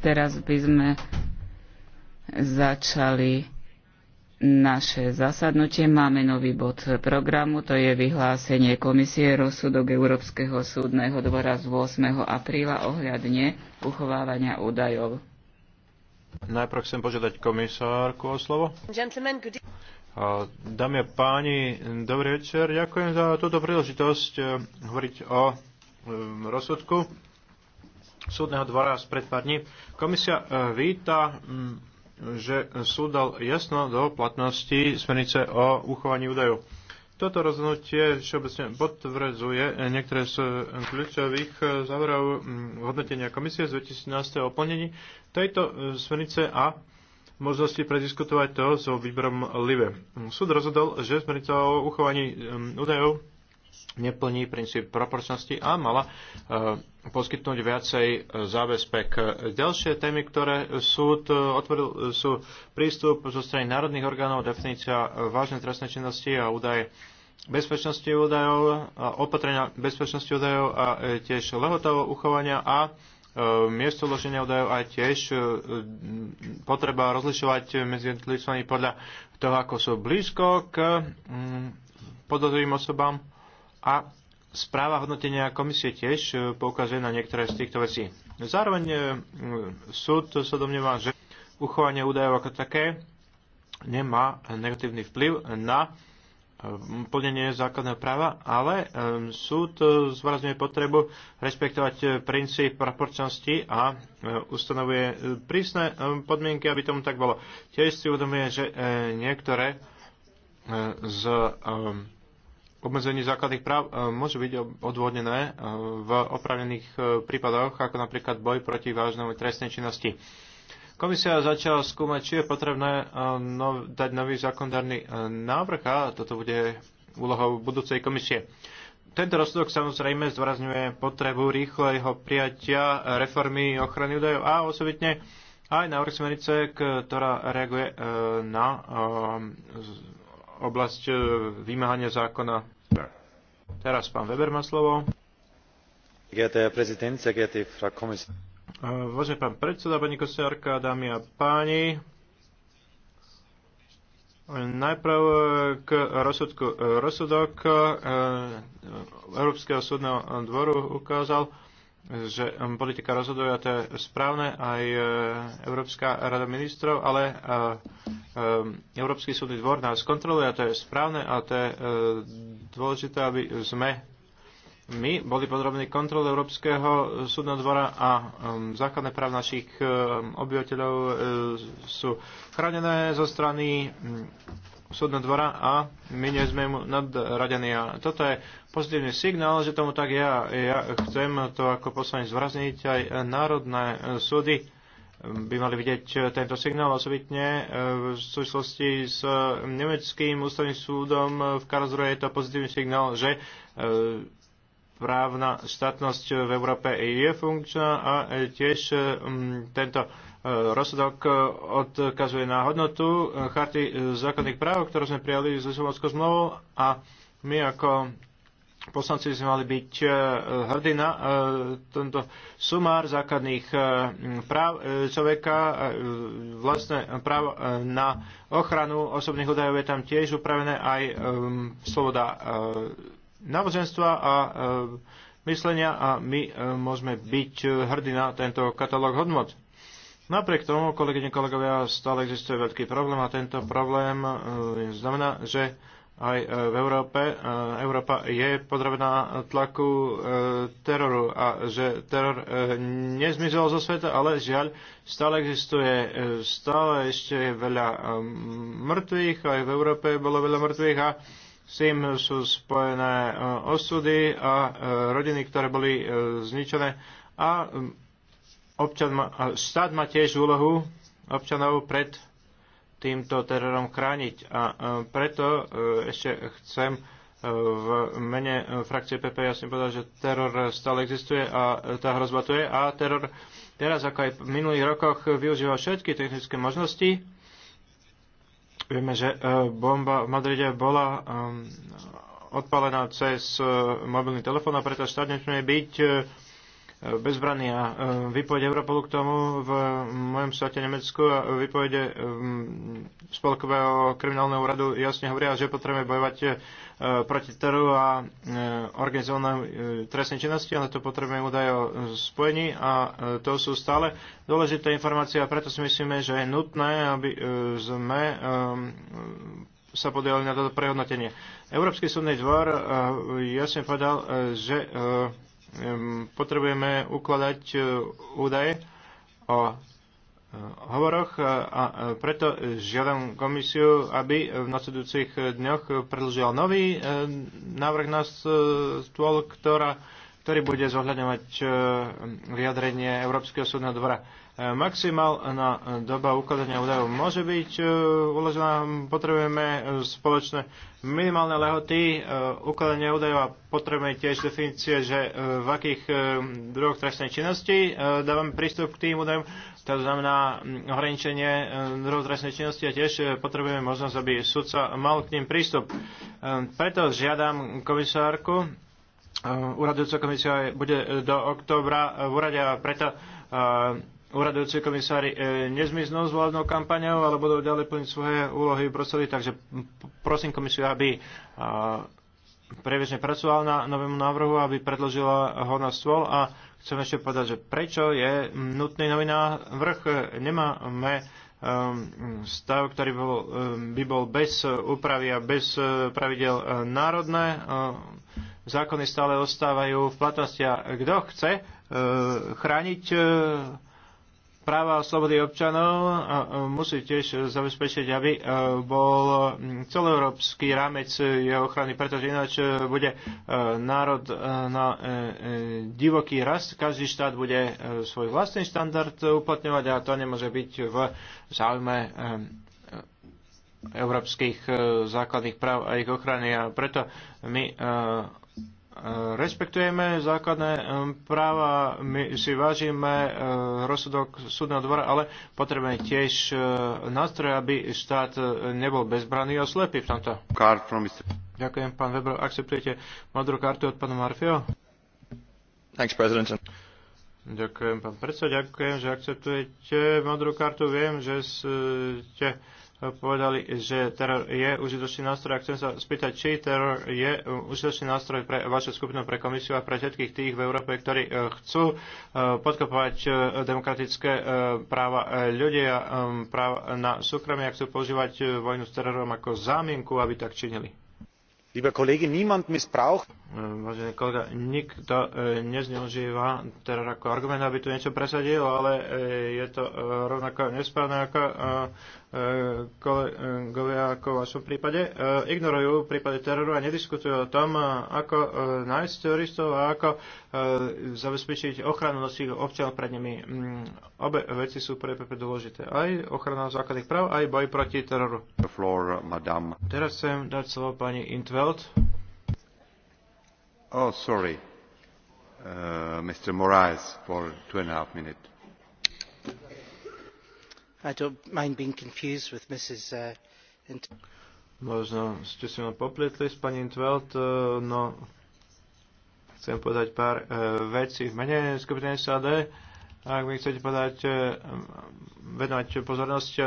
Teraz by sme začali naše zasadnutie. Máme nový bod programu, to je vyhlásenie komisie rozsudok Európskeho súdneho dvora z 8. apríla ohľadne uchovávania údajov. Najprv chcem požiadať komisárku o slovo. E- dámy a páni, dobrý večer. Ďakujem za túto príležitosť eh, hovoriť o eh, rozsudku súdneho dvora spred pár dní. Komisia e, víta, že súd dal jasno do platnosti smernice o uchovaní údajov. Toto rozhodnutie všeobecne potvrdzuje niektoré z kľúčových e, záverov hodnotenia komisie z 2017. o plnení tejto e, smernice a možnosti prediskutovať to so výberom LIVE. Súd rozhodol, že smernica o uchovaní údajov neplní princíp proporčnosti a mala eh, poskytnúť viacej eh, zábezpek. Ďalšie témy, ktoré súd eh, otvoril, sú prístup zo strany národných orgánov, definícia vážnej trestnej činnosti a údaje bezpečnosti údajov, opatrenia bezpečnosti údajov a tiež lehotovo uchovania a miesto uloženia údajov a tiež potreba rozlišovať medzi jednotlivcami podľa toho, ako sú blízko k mm, podozrivým osobám a správa hodnotenia komisie tiež e, poukazuje na niektoré z týchto vecí. Zároveň e, súd sa domnieva, že uchovanie údajov ako také nemá negatívny vplyv na e, plnenie základného práva, ale súd zvrazňuje potrebu rešpektovať princíp proporčnosti a ustanovuje prísne podmienky, aby tomu tak bolo. Tiež si uvedomuje, že niektoré z obmedzenie základných práv e, môže byť odvodnené e, v opravnených e, prípadoch, ako napríklad boj proti vážnej trestnej činnosti. Komisia začala skúmať, či je potrebné dať nový zákonodárny návrh a toto bude úlohou budúcej komisie. Tento rozsudok samozrejme zdôrazňuje potrebu rýchleho prijatia reformy ochrany údajov a osobitne aj návrh smernice, ktorá reaguje na oblasť e, vymáhania zákona. Teraz pán Weber má slovo. E, vážený pán predseda, pani Kosiarka, dámy a páni, Najprv e, k rozsudku. Rozsudok Európskeho súdneho dvoru ukázal, že um, politika rozhoduje, a to je správne, aj e, Európska rada ministrov, ale e, e, Európsky súdny dvor nás kontroluje, a to je správne, a to je dôležité, aby sme my boli podrobní kontrole Európskeho súdneho dvora a um, základné práv našich um, obyvateľov sú chránené zo strany súdna dvora a my nie sme mu nadradení. A toto je pozitívny signál, že tomu tak ja, ja chcem to ako poslanec zvrazniť. Aj národné súdy by mali vidieť tento signál osobitne v súvislosti s nemeckým ústavným súdom v Karlsruhe je to pozitívny signál, že e, právna štátnosť v Európe je funkčná a tiež tento E, rozsudok e, odkazuje na hodnotu e, charty základných práv, ktorú sme prijali z Lisabonskou zmluvou a my ako poslanci sme mali byť hrdí na tento sumár základných práv človeka. Vlastné právo na ochranu osobných údajov je tam tiež upravené aj sloboda náboženstva a myslenia a my môžeme byť hrdí na tento katalóg hodnot. Napriek tomu, kolegyne, kolegovia, stále existuje veľký problém a tento problém e, znamená, že aj e, v Európe. E, Európa je podrobená tlaku teroru a že teror nezmizol zo sveta, ale žiaľ stále existuje, stále ešte je veľa mŕtvych, aj v Európe bolo veľa mŕtvych a s tým sú spojené osudy a rodiny, ktoré boli zničené a občan ma, štát má tiež úlohu občanov pred týmto terorom chrániť. A e, preto e, ešte chcem e, v mene frakcie PP jasne povedať, že teror stále existuje a tá hrozba tu je a teror teraz, ako aj v minulých rokoch, využíva všetky technické možnosti. Vieme, že bomba v Madride bola odpalená cez mobilný telefón a preto štát nesmie byť bezbranný a e, vypovede Europolu k tomu v mojom štáte Nemecku a vypovede e, Spolkového kriminálneho úradu jasne hovoria, že potrebujeme bojovať e, proti teru a organizovanej trestnej činnosti, ale to potrebujeme údaje o spojení a to sú stále dôležité informácie a preto si myslíme, že je nutné, aby sme sa podielali na toto prehodnotenie. Európsky súdny dvor jasne povedal, že potrebujeme ukladať e, údaje o e, hovoroch a preto žiadam komisiu, aby v nasledujúcich dňoch predlžila nový e, návrh na stôl, ktorá, ktorý bude zohľadňovať vyjadrenie Európskeho súdneho dvora. Maximálna doba ukladania údajov môže byť e, uložená, potrebujeme spoločné minimálne lehoty e, ukladania údajov a potrebujeme tiež definície, že e, v akých druhoch trestnej činnosti dávame prístup k tým údajom, to znamená mm, ohraničenie druhov trestnej činnosti a tiež potrebujeme možnosť, aby sudca mal k ním prístup. Preto žiadam komisárku, úradujúca komisia bude do októbra v úrade a preto úradujúci komisári e, nezmiznú s vládnou kampaňou, ale budú ďalej plniť svoje úlohy v Bruseli, takže prosím komisiu, aby a, e, prebežne pracovala na novému návrhu, aby predložila ho na stôl a chcem ešte povedať, že prečo je nutný nový návrh. Nemáme e, stav, ktorý bol, e, by bol bez úpravy a bez pravidel národné. Zákony stále ostávajú v platnosti a kto chce chrániť práva a slobody občanov musí tiež zabezpečiť, aby e, bol celoeurópsky rámec jeho ochrany, pretože ináč e, bude e, národ na divoký rast. Každý štát bude svoj vlastný štandard uplatňovať a to nemôže byť v záujme európskych základných práv a ich ochrany a preto my rešpektujeme základné práva, my si vážime rozsudok súdneho dvora, ale potrebujeme tiež nástroje, aby štát nebol bezbranný a slepý v tomto. Ďakujem, pán Weber. Akceptujete modrú kartu od pána Marfio? Thanks, President. Ďakujem, pán predseda. Ďakujem, že akceptujete modrú kartu. Viem, že e, ste povedali, že teror je užitočný nástroj. A chcem sa spýtať, či teror je užitočný nástroj pre vašu skupinu, pre komisiu a pre všetkých tých v Európe, ktorí e, chcú e, podkopovať e, demokratické práva ľudí a um, práva na súkromie a chcú používať vojnu s terorom ako zámienku, aby tak činili. Lieber Kollege, niemand missbraucht. Vážený kolega, nikto nezneužíva teror ako argument, aby tu niečo presadil, ale je to rovnako nesprávne ako E, kolegovia e, ako v vašom prípade, e, ignorujú prípade teroru a nediskutujú o tom, ako nájsť teroristov a ako zabezpečiť ochranu našich občanov pred nimi. Mm, obe veci sú pre PP dôležité. Aj ochrana základných práv, aj boj proti teroru. Floor, uh, Teraz chcem dať slovo pani Intveld. Oh, sorry. Uh, Mr. Moraes for two and a half minutes. I don't mind being confused with Mrs. Uh, Možno ste si ma popletli s pani Intveld, e, no chcem povedať pár e, vecí v mene skupiny SAD. Ak mi chcete povedať, e, venovať pozornosť e,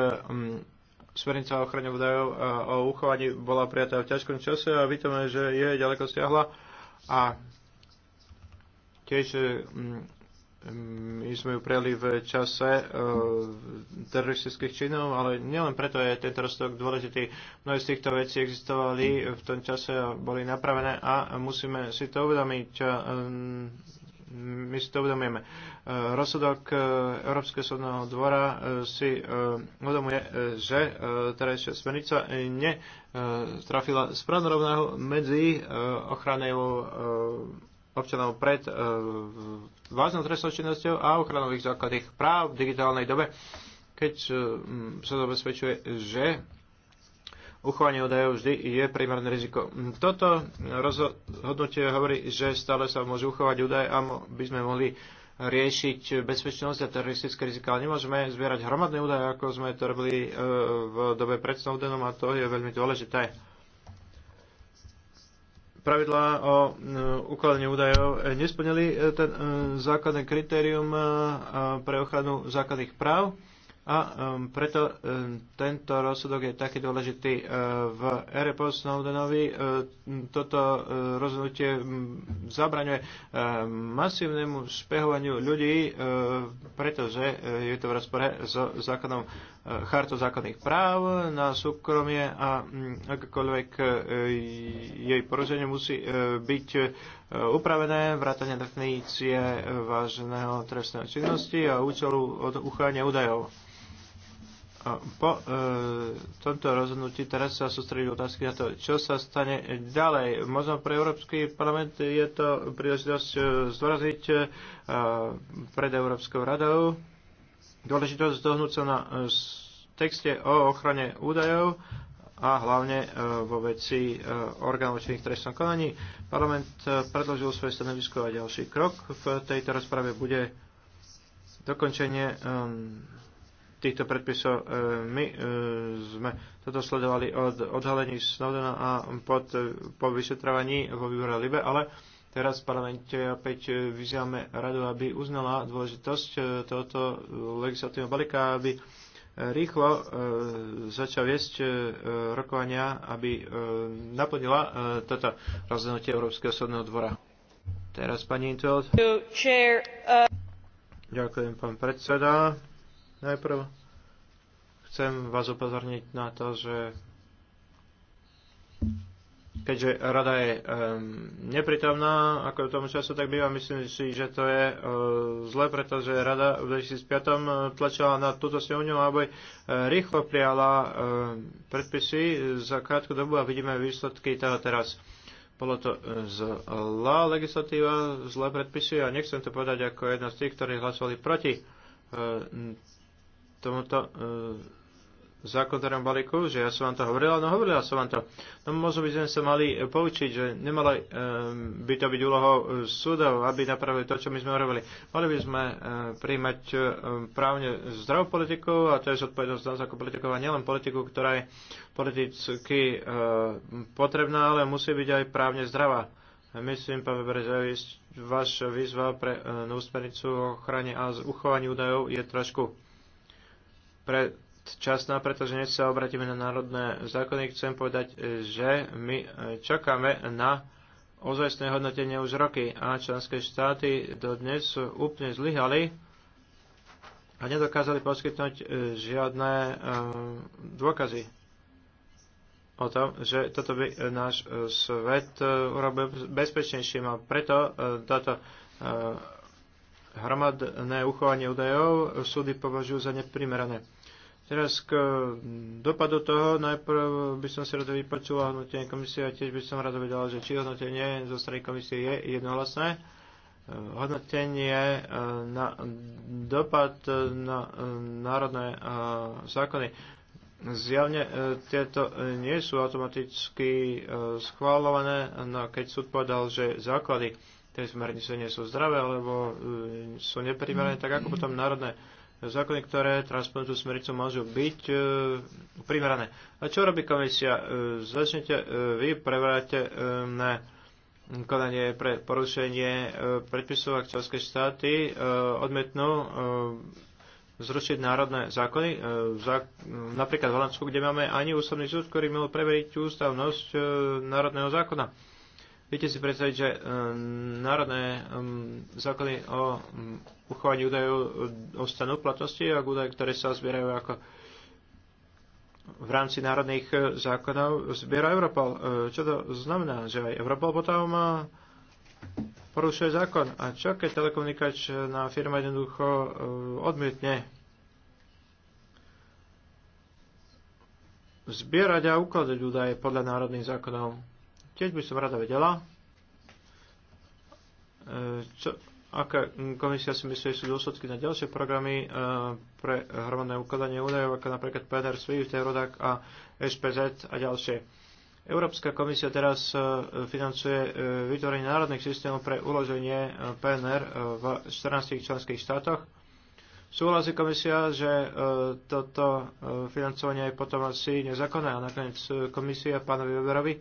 Smernica o ochrane údajov e, o uchovaní bola prijatá v ťažkom čase a vidíme, že je ďaleko stiahla a tiež e, my sme ju prejeli v čase e, teroristických činov, ale nielen preto je tento rostok dôležitý. Mnohé z týchto vecí existovali v tom čase a boli napravené a musíme si to uvedomiť. E, my si to uvedomujeme. Eh, rozsudok Európskeho súdneho dvora si uvedomuje, že terajšia smernica netrafila správnu rovnahu medzi ochranou občanov pred vážnou trestnou činnosťou a ochranou ich základných práv v digitálnej dobe, keď e, sa zabezpečuje, že uchovanie údajov vždy je primárne riziko. Toto rozhodnutie hovorí, že stále sa môžu uchovať údaje a by sme mohli riešiť bezpečnosť a teroristické rizika. Ale nemôžeme zbierať hromadné údaje, ako sme to robili e, v dobe pred Snowdenom a to je veľmi dôležité pravidlá o e, ukladaní údajov e, nesplnili e, ten základné kritérium pre ochranu základných práv a um, preto um, tento rozsudok je taký dôležitý. Uh, v ére po Snowdenovi uh, toto uh, rozhodnutie um, zabraňuje uh, masívnemu špehovaniu ľudí, uh, pretože uh, je to v rozpore s zákonom uh, chartou zákonných práv na súkromie a um, akékoľvek uh, jej porozenie musí uh, byť uh, upravené, vrátane definície uh, vážneho trestného činnosti a účelu od uchádzania údajov. A po e, tomto rozhodnutí teraz sa sústredí otázky na to, čo sa stane ďalej. Možno pre Európsky parlament je to príležitosť e, zdôraziť e, pred Európskou radou dôležitosť dohnúť sa na e, texte o ochrane údajov a hlavne e, vo veci e, orgánov činných trestných konaní. Parlament predložil svoje stanovisko a ďalší krok v tejto rozprave bude dokončenie týchto predpisov. E, my e, sme toto sledovali od odhalení Snowdena a pod, po vyšetrovaní vo výbore Libe, ale teraz v parlamente opäť vyzývame radu, aby uznala dôležitosť e, tohoto legislatívneho balíka, aby rýchlo e, začal viesť e, rokovania, aby e, naplnila e, toto rozhodnutie Európskeho súdneho dvora. Teraz pani Intveld. Uh, Ďakujem, pán predseda. Najprv chcem vás upozorniť na to, že keďže rada je um, neprítomná, ako tomu času tak býva, myslím si, že to je uh, eh, zle, pretože rada v 2005 tlačila na túto silňu, aby uh, rýchlo prijala uh, predpisy za krátku dobu a vidíme výsledky toho teraz. Bolo to zlá legislatíva, zlé predpisy a nechcem to povedať ako jedna z tých, ktorí hlasovali proti tomuto e, zákonodarnom balíku, že ja som vám to hovorila, no hovorila som vám to. No možno by sme sa mali poučiť, že nemala e, by to byť úlohou e, súdov, aby napravili to, čo my sme hovorili. Mali by sme príjmať právne zdravú politiku a to je zodpovednosť nás ako politikov a nielen politiku, ktorá je politicky potrebná, ale musí byť aj právne zdravá. Myslím, pán Weber, že vaša výzva pre novú o ochrane a uchovaní údajov je trošku predčasná, pretože dnes sa obratíme na národné zákony. Chcem povedať, že my e, čakáme na ozajstné hodnotenie už roky a členské štáty dodnes úplne zlyhali a nedokázali poskytnúť e, žiadne e, dôkazy o tom, že toto by náš svet urobil bezpečnejším a preto táto hromadné uchovanie údajov súdy považujú za neprimerané. Teraz k dopadu toho najprv by som si rád vypočula hodnotenie komisie a tiež by som rada vedela, že či hodnotenie zo strany komisie je jednohlasné. Hodnotenie eh, na dopad eh, na eh, národné zákony. Zjavne tieto nie sú automaticky schválované, no keď súd povedal, že základy tie smernice nie sú zdravé alebo e, sú neprimerané, tak ako potom národné zákony, ktoré transponujú smericu, môžu byť uh, primerané. A čo robí komisia? Uh, začnete uh, vy, preveráte uh, na konanie pre porušenie uh, predpisov, ak členské štáty uh, odmietnú uh, zrušiť národné zákony. napríklad v Holandsku, kde máme ani ústavný súd, ktorý mal preveriť ústavnosť národného zákona. Viete si predstaviť, že e, národné e, zákony o mm, uchovaní údajov e, ostanú v platnosti, ak údaje, ktoré sa zbierajú ako v rámci národných zákonov zbiera Europol. Čo to znamená? Že aj Europol potom porušuje zákon. A čo keď telekomunikačná firma jednoducho odmietne zbierať a ukladať údaje podľa národných zákonov? Tiež by som rada vedela, e, čo, aká komisia si myslí, sú dôsledky na ďalšie programy e, pre hromadné ukladanie údajov, ako napríklad PNR, SWIFT, Eurodac a SPZ a ďalšie. Európska komisia teraz e, financuje vytvorenie národných systémov pre uloženie PNR v 14 členských štátoch. Súhlasí komisia, že toto financovanie je potom asi nezákonné a nakoniec komisia pánovi Weberovi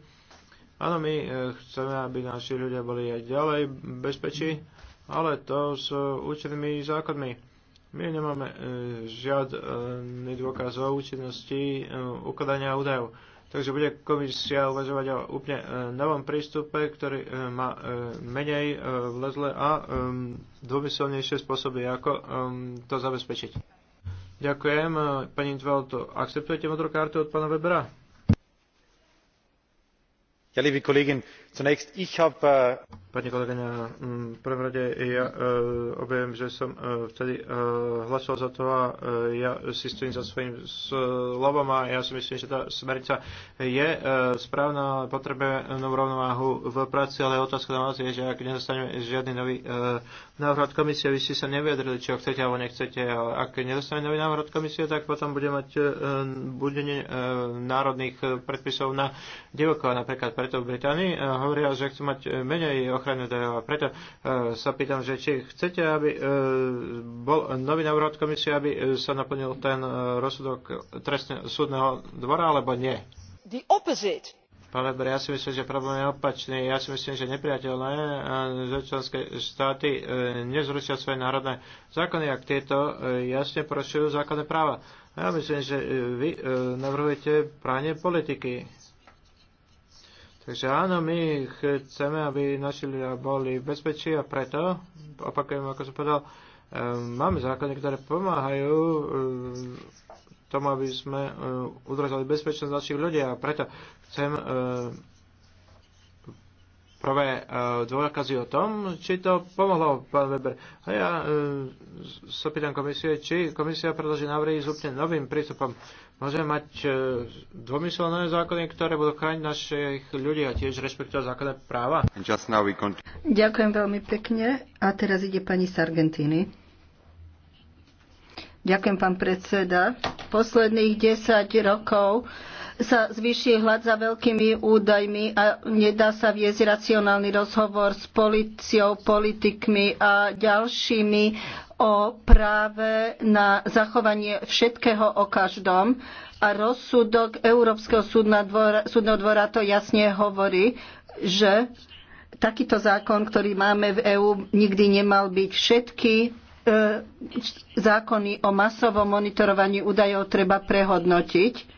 Áno, my e, chceme, aby naši ľudia boli aj ďalej bezpečí, ale to s účinnými zákonmi. My nemáme e, žiadny dôkaz o účinnosti e, ukladania údajov. Takže bude komisia uvažovať o úplne e, novom prístupe, ktorý e, má e, menej e, vlezle a e, dômyselnejšie spôsoby, ako e, to zabezpečiť. Ďakujem. E, pani Intvalto. akceptujete modrú kartu od pána Webera? liebe kollegen! Zunächst ich habe... Äh, Pani kolegyňa, mm, v prvom rade ja e, objem, že som e, vtedy e, hlasoval za to a e, ja si stojím za svojím slovom a ja si myslím, že tá smerica je e, správna, potrebuje novú rovnováhu v práci, ale otázka na vás je, že ak nedostaneme žiadny nový e, návrh od komisie, vy ste sa nevyjadrili, či ho chcete alebo nechcete, ale ak nedostaneme nový návrh od komisie, tak potom bude mať e, budenie národných predpisov na divoko, napríklad preto v Británii. E, hovoria, že chcú mať e, menej ochranné údajov. A preto e, sa pýtam, že či chcete, aby e, bol nový návrh komisie, aby sa naplnil ten rozsudok trestne súdneho dvora, alebo nie? The opposite. ja si myslím, že problém je opačný. Ja si myslím, že nepriateľné, že členské štáty nezrušia svoje národné zákony, ak tieto jasne porušujú zákonné práva. Ja myslím, že vy navrhujete práne politiky. Takže áno, my chceme, aby naši ľudia boli bezpečí a preto, opakujem, ako som povedal, ehm, máme zákony, ktoré pomáhajú ehm, tomu, aby sme ehm, udržali bezpečnosť našich ľudí a preto chcem prvé e, dôkazy o tom, či to pomohlo, pán Weber. A ja e, sa pýtam komisie, či komisia predloží návrhy s úplne novým prístupom. Môžeme mať e, dvomyselné zákony, ktoré budú chrániť našich ľudí a tiež rešpektovať základné práva. Ďakujem veľmi pekne. A teraz ide pani Sargentini. Ďakujem, pán predseda. Posledných 10 rokov sa zvýši hlad za veľkými údajmi a nedá sa viesť racionálny rozhovor s policiou, politikmi a ďalšími o práve na zachovanie všetkého o každom. A rozsudok Európskeho dvora, súdneho dvora to jasne hovorí, že takýto zákon, ktorý máme v EÚ, nikdy nemal byť všetky e, zákony o masovom monitorovaní údajov treba prehodnotiť.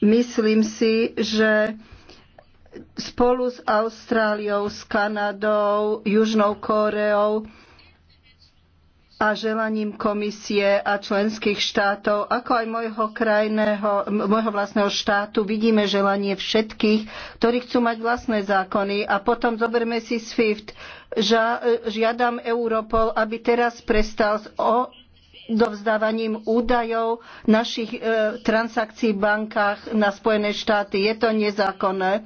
Myslím si, že spolu s Austráliou, s Kanadou, Južnou Kóreou a želaním komisie a členských štátov, ako aj môjho, krajného, môjho vlastného štátu, vidíme želanie všetkých, ktorí chcú mať vlastné zákony. A potom zoberme si SWIFT. Žiadam Europol, aby teraz prestal s o odovzdávaním údajov našich e, transakcií v bankách na Spojené štáty. Je to nezákonné.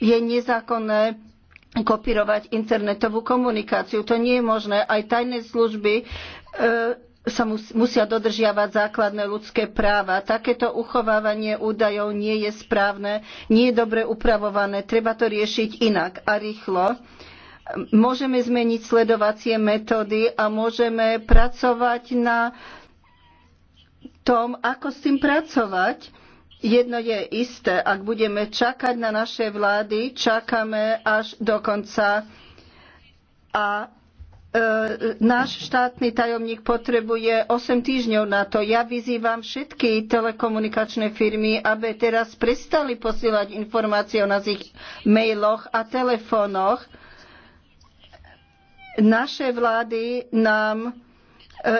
Je nezákonné kopírovať internetovú komunikáciu. To nie je možné. Aj tajné služby e, sa musia dodržiavať základné ľudské práva. Takéto uchovávanie údajov nie je správne, nie je dobre upravované. Treba to riešiť inak a rýchlo. E, Môžeme zmeniť sledovacie metódy a môžeme pracovať na tom, ako s tým pracovať. Jedno je isté, ak budeme čakať na naše vlády, čakáme až do konca. A e, náš štátny tajomník potrebuje 8 týždňov na to. Ja vyzývam všetky telekomunikačné firmy, aby teraz prestali posielať informácie o nás ich mailoch a telefónoch. Naše vlády nám e,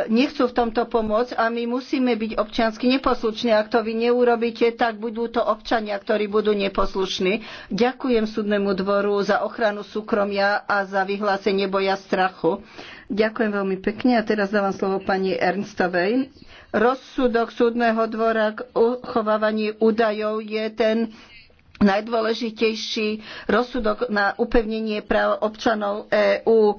nechcú v tomto pomôcť a my musíme byť občiansky neposlušní. Ak to vy neurobíte, tak budú to občania, ktorí budú neposlušní. Ďakujem súdnemu dvoru za ochranu súkromia a za vyhlásenie boja strachu. Ďakujem veľmi pekne a teraz dávam slovo pani Ernstovej. Rozsudok súdneho dvora k uchovávaní údajov je ten najdôležitejší rozsudok na upevnenie práv občanov EÚ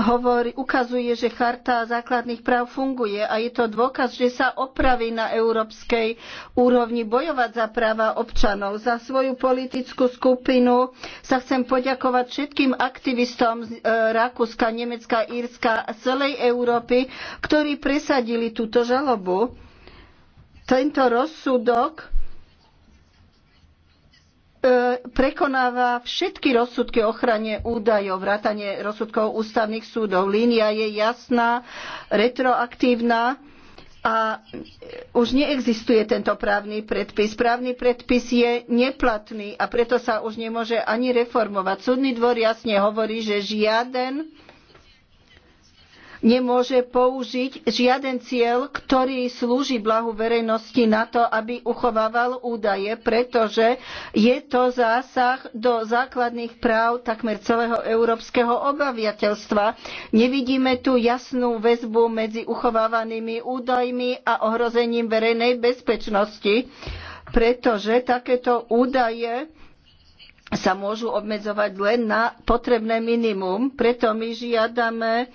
hovorí, ukazuje, že charta základných práv funguje a je to dôkaz, že sa opraví na európskej úrovni bojovať za práva občanov. Za svoju politickú skupinu sa chcem poďakovať všetkým aktivistom z e, Rakúska, Nemecka, Írska a celej Európy, ktorí presadili túto žalobu. Tento rozsudok E, prekonáva všetky rozsudky ochrane údajov, vrátanie rozsudkov ústavných súdov. Línia je jasná, retroaktívna a už neexistuje tento právny predpis. Právny predpis je neplatný a preto sa už nemôže ani reformovať. Súdny dvor jasne hovorí, že žiaden nemôže použiť žiaden cieľ, ktorý slúži blahu verejnosti na to, aby uchovával údaje, pretože je to zásah do základných práv takmer celého európskeho obyvateľstva. Nevidíme tu jasnú väzbu medzi uchovávanými údajmi a ohrozením verejnej bezpečnosti, pretože takéto údaje sa môžu obmedzovať len na potrebné minimum. Preto my žiadame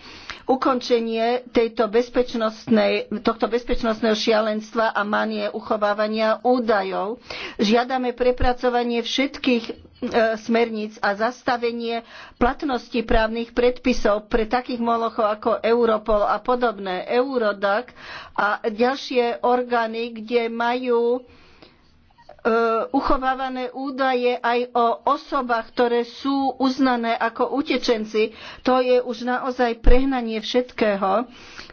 ukončenie tejto bezpečnostnej, tohto bezpečnostného šialenstva a manie uchovávania údajov. Žiadame prepracovanie všetkých e, smerníc a zastavenie platnosti právnych predpisov pre takých molochov ako Europol a podobné, Eurodac a ďalšie orgány, kde majú E, uchovávané údaje aj o osobách, ktoré sú uznané ako utečenci. To je už naozaj prehnanie všetkého.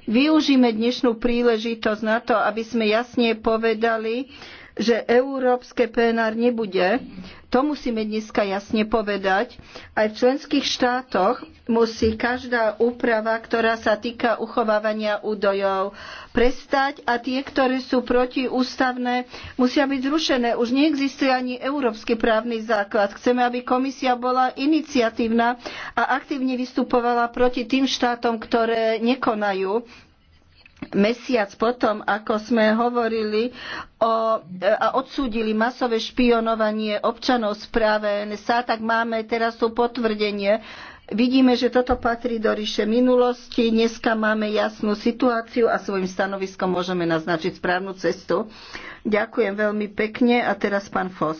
Využíme dnešnú príležitosť na to, aby sme jasne povedali, že európske PNR nebude. To musíme dneska jasne povedať. Aj v členských štátoch musí každá úprava, ktorá sa týka uchovávania údajov, prestať a tie, ktoré sú protiústavné, musia byť zrušené. Už neexistuje ani európsky právny základ. Chceme, aby komisia bola iniciatívna a aktívne vystupovala proti tým štátom, ktoré nekonajú mesiac potom, ako sme hovorili o, e, a odsúdili masové špionovanie občanov správe NSA, tak máme teraz tu potvrdenie. Vidíme, že toto patrí do ríše minulosti. Dneska máme jasnú situáciu a svojim stanoviskom môžeme naznačiť správnu cestu. Ďakujem veľmi pekne a teraz pán Fos.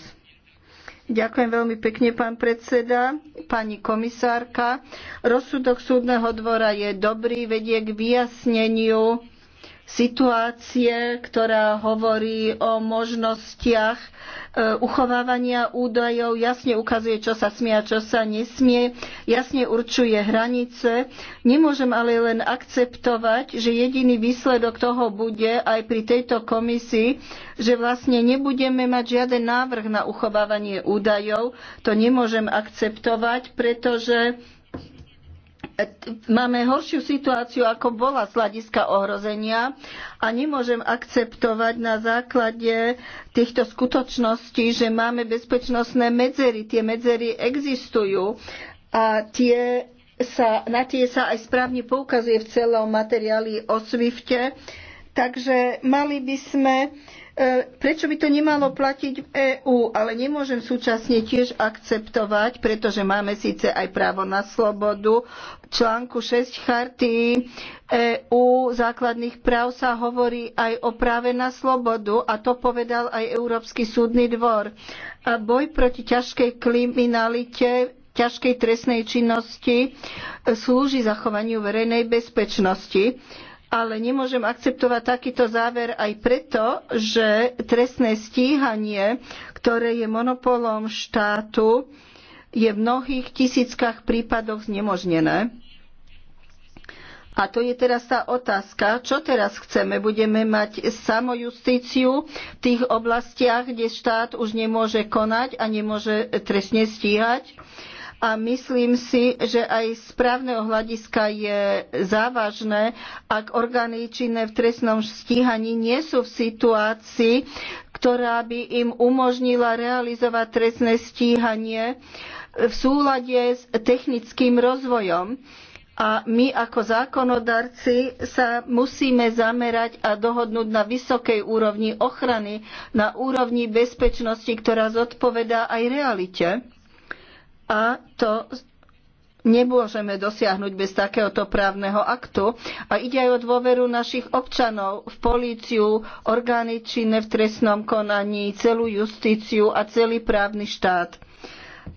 Ďakujem veľmi pekne, pán predseda, pani komisárka. Rozsudok súdneho dvora je dobrý, vedie k vyjasneniu situácie, ktorá hovorí o možnostiach e, uchovávania údajov, jasne ukazuje, čo sa smie a čo sa nesmie, jasne určuje hranice. Nemôžem ale len akceptovať, že jediný výsledok toho bude aj pri tejto komisii, že vlastne nebudeme mať žiaden návrh na uchovávanie údajov. To nemôžem akceptovať, pretože máme horšiu situáciu, ako bola z hľadiska ohrozenia a nemôžem akceptovať na základe týchto skutočností, že máme bezpečnostné medzery. Tie medzery existujú a tie sa, na tie sa aj správne poukazuje v celom materiáli o Swifte. Takže mali by sme uh, E, prečo by to nemalo platiť v EÚ, ale nemôžem súčasne tiež akceptovať, pretože máme síce aj právo na slobodu. V článku 6 charty EÚ základných práv sa hovorí aj o práve na slobodu a to povedal aj Európsky súdny dvor. A boj proti ťažkej kriminalite ťažkej trestnej činnosti e, slúži zachovaniu verejnej bezpečnosti ale nemôžem akceptovať takýto záver aj preto, že trestné stíhanie, ktoré je monopolom štátu, je v mnohých tisíckach prípadoch znemožnené. A to je teraz tá otázka, čo teraz chceme? Budeme mať samojustíciu v tých oblastiach, kde štát už nemôže konať a nemôže trestne stíhať? a myslím si, že aj z právneho hľadiska je závažné, ak orgány činné v trestnom stíhaní nie sú v situácii, ktorá by im umožnila realizovať trestné stíhanie v súlade s technickým rozvojom. A my ako zákonodarci sa musíme zamerať a dohodnúť na vysokej úrovni ochrany, na úrovni bezpečnosti, ktorá zodpovedá aj realite a to nemôžeme dosiahnuť bez takéhoto právneho aktu. A ide aj o dôveru našich občanov v políciu, orgány činné v trestnom konaní, celú justíciu a celý právny štát.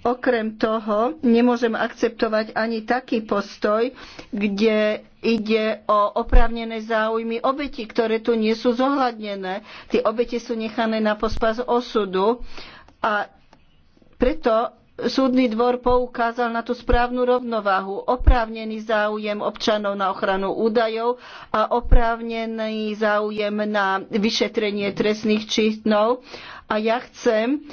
Okrem toho nemôžem akceptovať ani taký postoj, kde ide o oprávnené záujmy obetí, ktoré tu nie sú zohľadnené. Tie obete sú nechané na pospas osudu a preto Súdny dvor poukázal na tú správnu rovnováhu, oprávnený záujem občanov na ochranu údajov a oprávnený záujem na vyšetrenie trestných činov. A ja chcem,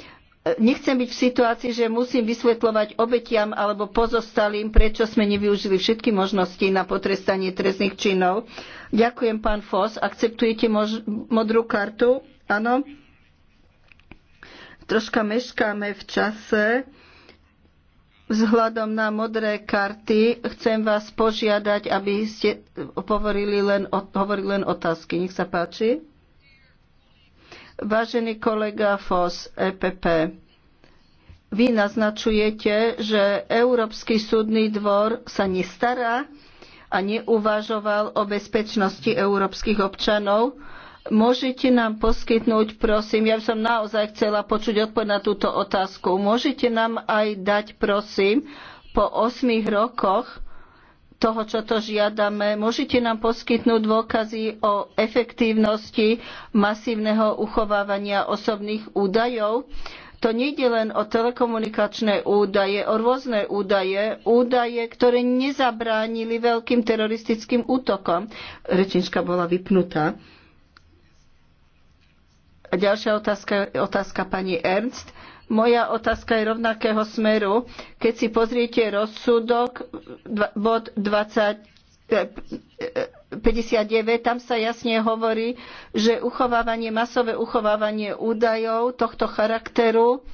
nechcem byť v situácii, že musím vysvetľovať obetiam alebo pozostalým, prečo sme nevyužili všetky možnosti na potrestanie trestných činov. Ďakujem, pán Fos. Akceptujete modrú kartu? Áno? Troška meškáme v čase. Vzhľadom na modré karty chcem vás požiadať, aby ste hovorili len, hovorili len otázky. Nech sa páči. Vážený kolega FOS, EPP, vy naznačujete, že Európsky súdny dvor sa nestará a neuvažoval o bezpečnosti európskych občanov, Môžete nám poskytnúť, prosím, ja by som naozaj chcela počuť odpoveď na túto otázku. Môžete nám aj dať, prosím, po 8 rokoch toho, čo to žiadame, môžete nám poskytnúť dôkazy o efektívnosti masívneho uchovávania osobných údajov? To nejde len o telekomunikačné údaje, o rôzne údaje, údaje, ktoré nezabránili veľkým teroristickým útokom. Rečnička bola vypnutá. A ďalšia otázka je otázka pani Ernst. Moja otázka je rovnakého smeru. Keď si pozriete rozsudok, bod 20, 59, e, tam sa jasne hovorí, že uchovávanie, masové uchovávanie údajov tohto charakteru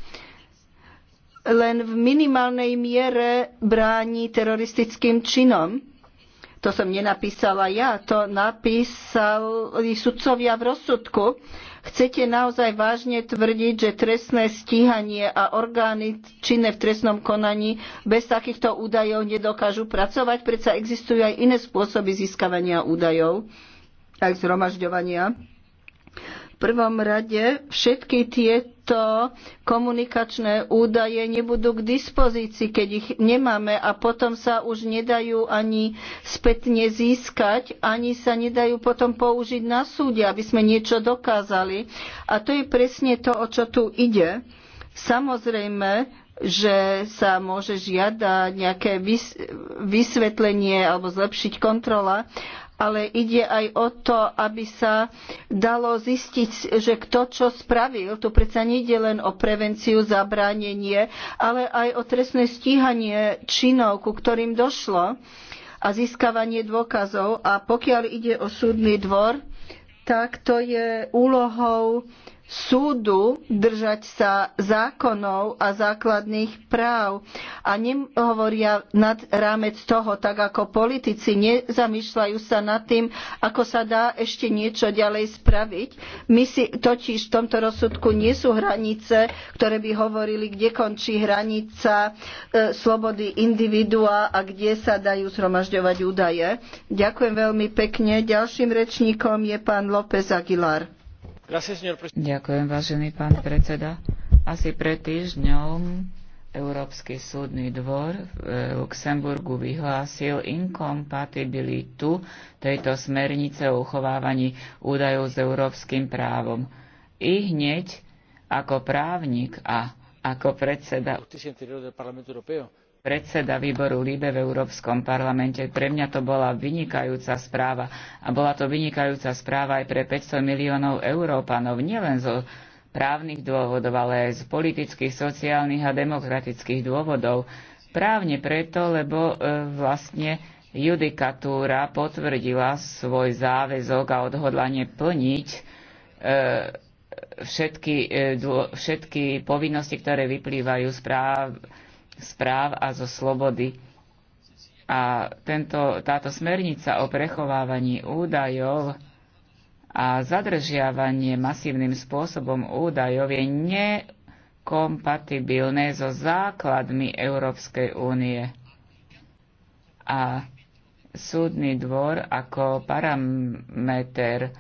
len v minimálnej miere bráni teroristickým činom. To som nenapísala ja, to napísali sudcovia v rozsudku. Chcete naozaj vážne tvrdiť, že trestné stíhanie a orgány činné v trestnom konaní bez takýchto údajov nedokážu pracovať? Predsa existujú aj iné spôsoby získavania údajov, aj zhromažďovania prvom rade všetky tieto komunikačné údaje nebudú k dispozícii, keď ich nemáme a potom sa už nedajú ani spätne získať, ani sa nedajú potom použiť na súde, aby sme niečo dokázali. A to je presne to, o čo tu ide. Samozrejme, že sa môže žiadať nejaké vysvetlenie alebo zlepšiť kontrola, ale ide aj o to, aby sa dalo zistiť, že kto čo spravil. Tu predsa nejde len o prevenciu, zabránenie, ale aj o trestné stíhanie činov, ku ktorým došlo a získavanie dôkazov. A pokiaľ ide o súdny dvor, tak to je úlohou súdu držať sa zákonov a základných práv a nehovoria nad rámec toho, tak ako politici nezamýšľajú sa nad tým, ako sa dá ešte niečo ďalej spraviť. My si totiž v tomto rozsudku nie sú hranice, ktoré by hovorili, kde končí hranica e, slobody individua a kde sa dajú zhromažďovať údaje. Ďakujem veľmi pekne. Ďalším rečníkom je pán López Aguilar. Ďakujem, vážený pán predseda. Asi pred týždňom Európsky súdny dvor e, v Luxemburgu vyhlásil inkompatibilitu tejto smernice o uchovávaní údajov s európskym právom. I hneď ako právnik a ako predseda predseda výboru LIBE v Európskom parlamente. Pre mňa to bola vynikajúca správa. A bola to vynikajúca správa aj pre 500 miliónov Európanov, nielen zo právnych dôvodov, ale aj z politických, sociálnych a demokratických dôvodov. Právne preto, lebo e, vlastne judikatúra potvrdila svoj záväzok a odhodlanie plniť e, všetky, e, dô, všetky povinnosti, ktoré vyplývajú z práv správ a zo slobody. A tento, táto smernica o prechovávaní údajov a zadržiavanie masívnym spôsobom údajov je nekompatibilné so základmi Európskej únie. A súdny dvor ako parameter e,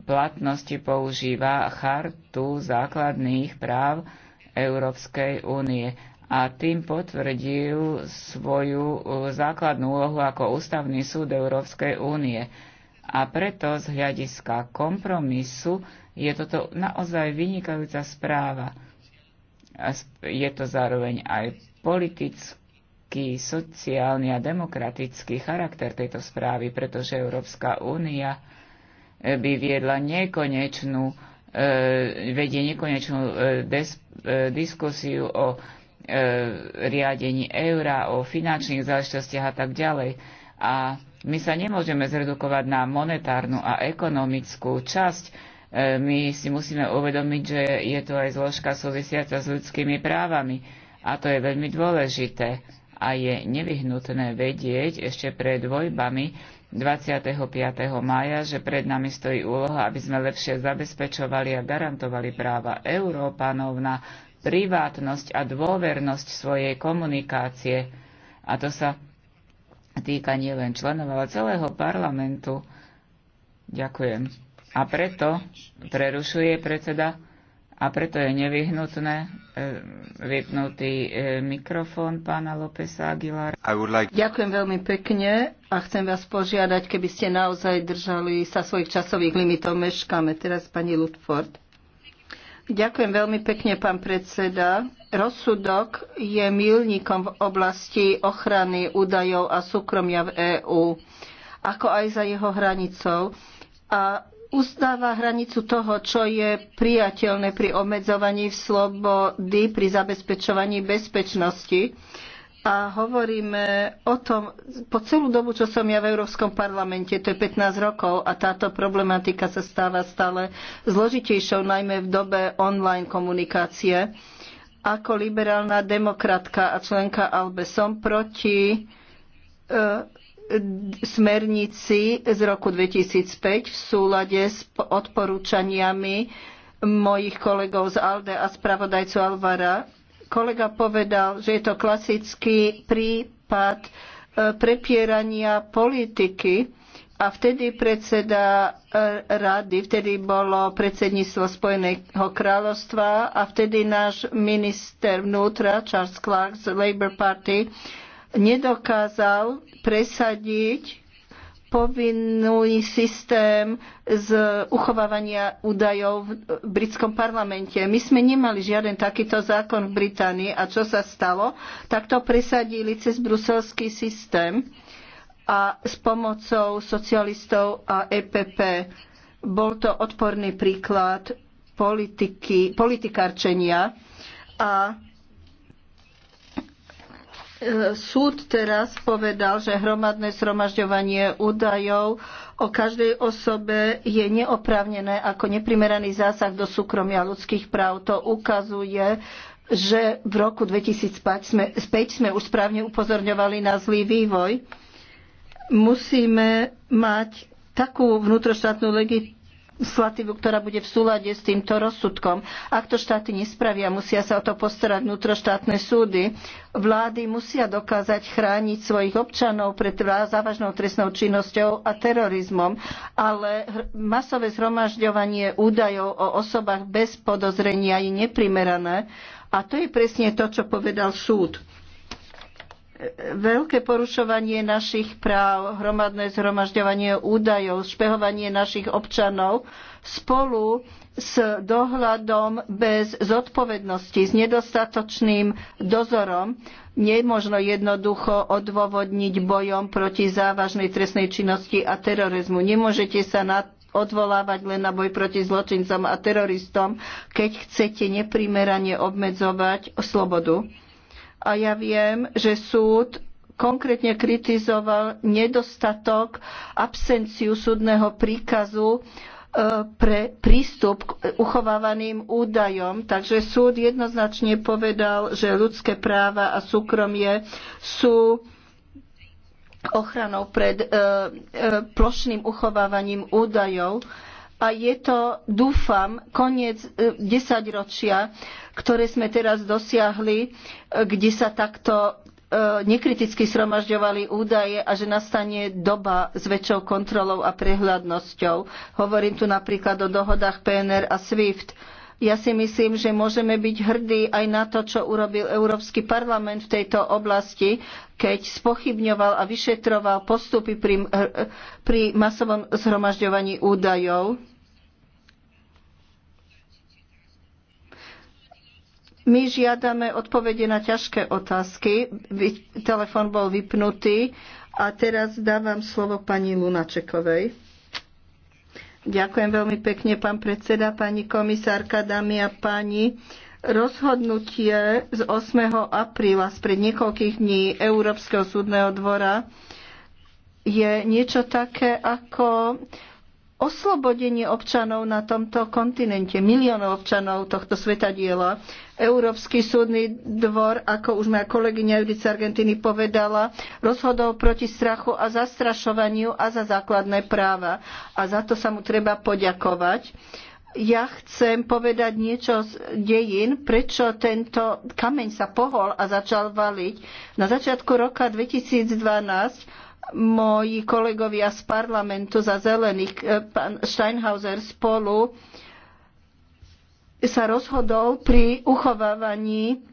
platnosti používa chartu základných práv Európskej únie a tým potvrdil svoju e, základnú úlohu ako ústavný súd Európskej únie. A preto z hľadiska kompromisu je toto naozaj vynikajúca správa. Je to zároveň aj politický, sociálny a demokratický charakter tejto správy, pretože Európska únia e, by viedla nekonečnú, e, vedie nekonečnú diskusiu o E, riadení eura, o finančných záležitostiach a tak ďalej. A my sa nemôžeme zredukovať na monetárnu a ekonomickú časť. E, my si musíme uvedomiť, že je to aj zložka súvisiaca s ľudskými právami. A to je veľmi dôležité. A je nevyhnutné vedieť ešte pred voľbami 25. mája, že pred nami stojí úloha, aby sme lepšie zabezpečovali a garantovali práva Európanov na privátnosť a dôvernosť svojej komunikácie. A to sa týka nielen členov, ale celého parlamentu. Ďakujem. A preto prerušuje predseda a preto je nevyhnutné e, vypnutý e, mikrofón pána Lópeza Aguilar. Like... Ďakujem veľmi pekne a chcem vás požiadať, keby ste naozaj držali sa svojich časových limitov. Meškáme teraz pani Ludford. Ďakujem veľmi pekne, pán predseda. Rozsudok je milníkom v oblasti ochrany údajov a súkromia v EÚ, ako aj za jeho hranicou. A uznáva hranicu toho, čo je priateľné pri obmedzovaní slobody, pri zabezpečovaní bezpečnosti a hovoríme o tom, po celú dobu, čo som ja v Európskom parlamente, to je 15 rokov a táto problematika sa stáva stále zložitejšou, najmä v dobe online komunikácie. Ako liberálna demokratka a členka ALBE som proti e, smernici z roku 2005 v súlade s odporúčaniami mojich kolegov z ALDE a spravodajcu Alvara Kolega povedal, že je to klasický prípad e, prepierania politiky a vtedy predseda e, rady, vtedy bolo predsedníctvo Spojeného kráľovstva a vtedy náš minister vnútra Charles Clark z Labour Party nedokázal presadiť povinný systém z uchovávania údajov v britskom parlamente. My sme nemali žiaden takýto zákon v Británii a čo sa stalo? Tak to presadili cez bruselský systém a s pomocou socialistov a EPP. Bol to odporný príklad politiky, politikárčenia a E, súd teraz povedal, že hromadné zhromažďovanie údajov o každej osobe je neoprávnené ako neprimeraný zásah do súkromia ľudských práv. To ukazuje, že v roku 2005 sme, sme už správne upozorňovali na zlý vývoj. Musíme mať takú vnútroštátnu legitimitu, legislatívu, ktorá bude v súlade s týmto rozsudkom. Ak to štáty nespravia, musia sa o to postarať vnútroštátne súdy. Vlády musia dokázať chrániť svojich občanov pred závažnou trestnou činnosťou a terorizmom, ale masové zhromažďovanie údajov o osobách bez podozrenia je neprimerané a to je presne to, čo povedal súd veľké porušovanie našich práv, hromadné zhromažďovanie údajov, špehovanie našich občanov spolu s dohľadom bez zodpovednosti, s nedostatočným dozorom nemožno jednoducho odôvodniť bojom proti závažnej trestnej činnosti a terorizmu. Nemôžete sa na odvolávať len na boj proti zločincom a teroristom, keď chcete neprimerane obmedzovať slobodu. A ja viem, že súd konkrétne kritizoval nedostatok, absenciu súdneho príkazu e, pre prístup k uchovávaným údajom. Takže súd jednoznačne povedal, že ľudské práva a súkromie sú ochranou pred e, e, plošným uchovávaním údajov a je to, dúfam, koniec e, desaťročia, ktoré sme teraz dosiahli, e, kde sa takto e, nekriticky sromažďovali údaje a že nastane doba s väčšou kontrolou a prehľadnosťou. Hovorím tu napríklad o dohodách PNR a SWIFT. Ja si myslím, že môžeme byť hrdí aj na to, čo urobil Európsky parlament v tejto oblasti, keď spochybňoval a vyšetroval postupy pri, pri masovom zhromažďovaní údajov My žiadame odpovede na ťažké otázky. Telefón bol vypnutý a teraz dávam slovo pani Lunačekovej. Ďakujem veľmi pekne, pán predseda, pani komisárka, dámy a páni. Rozhodnutie z 8. apríla spred niekoľkých dní Európskeho súdneho dvora je niečo také ako oslobodenie občanov na tomto kontinente, miliónov občanov tohto sveta diela. Európsky súdny dvor, ako už moja kolegyňa Judica Argentíny povedala, rozhodol proti strachu a zastrašovaniu a za základné práva. A za to sa mu treba poďakovať. Ja chcem povedať niečo z dejín, prečo tento kameň sa pohol a začal valiť. Na začiatku roka 2012 moji kolegovia z parlamentu za zelených, eh, pán Steinhauser spolu, sa rozhodol pri uchovávaní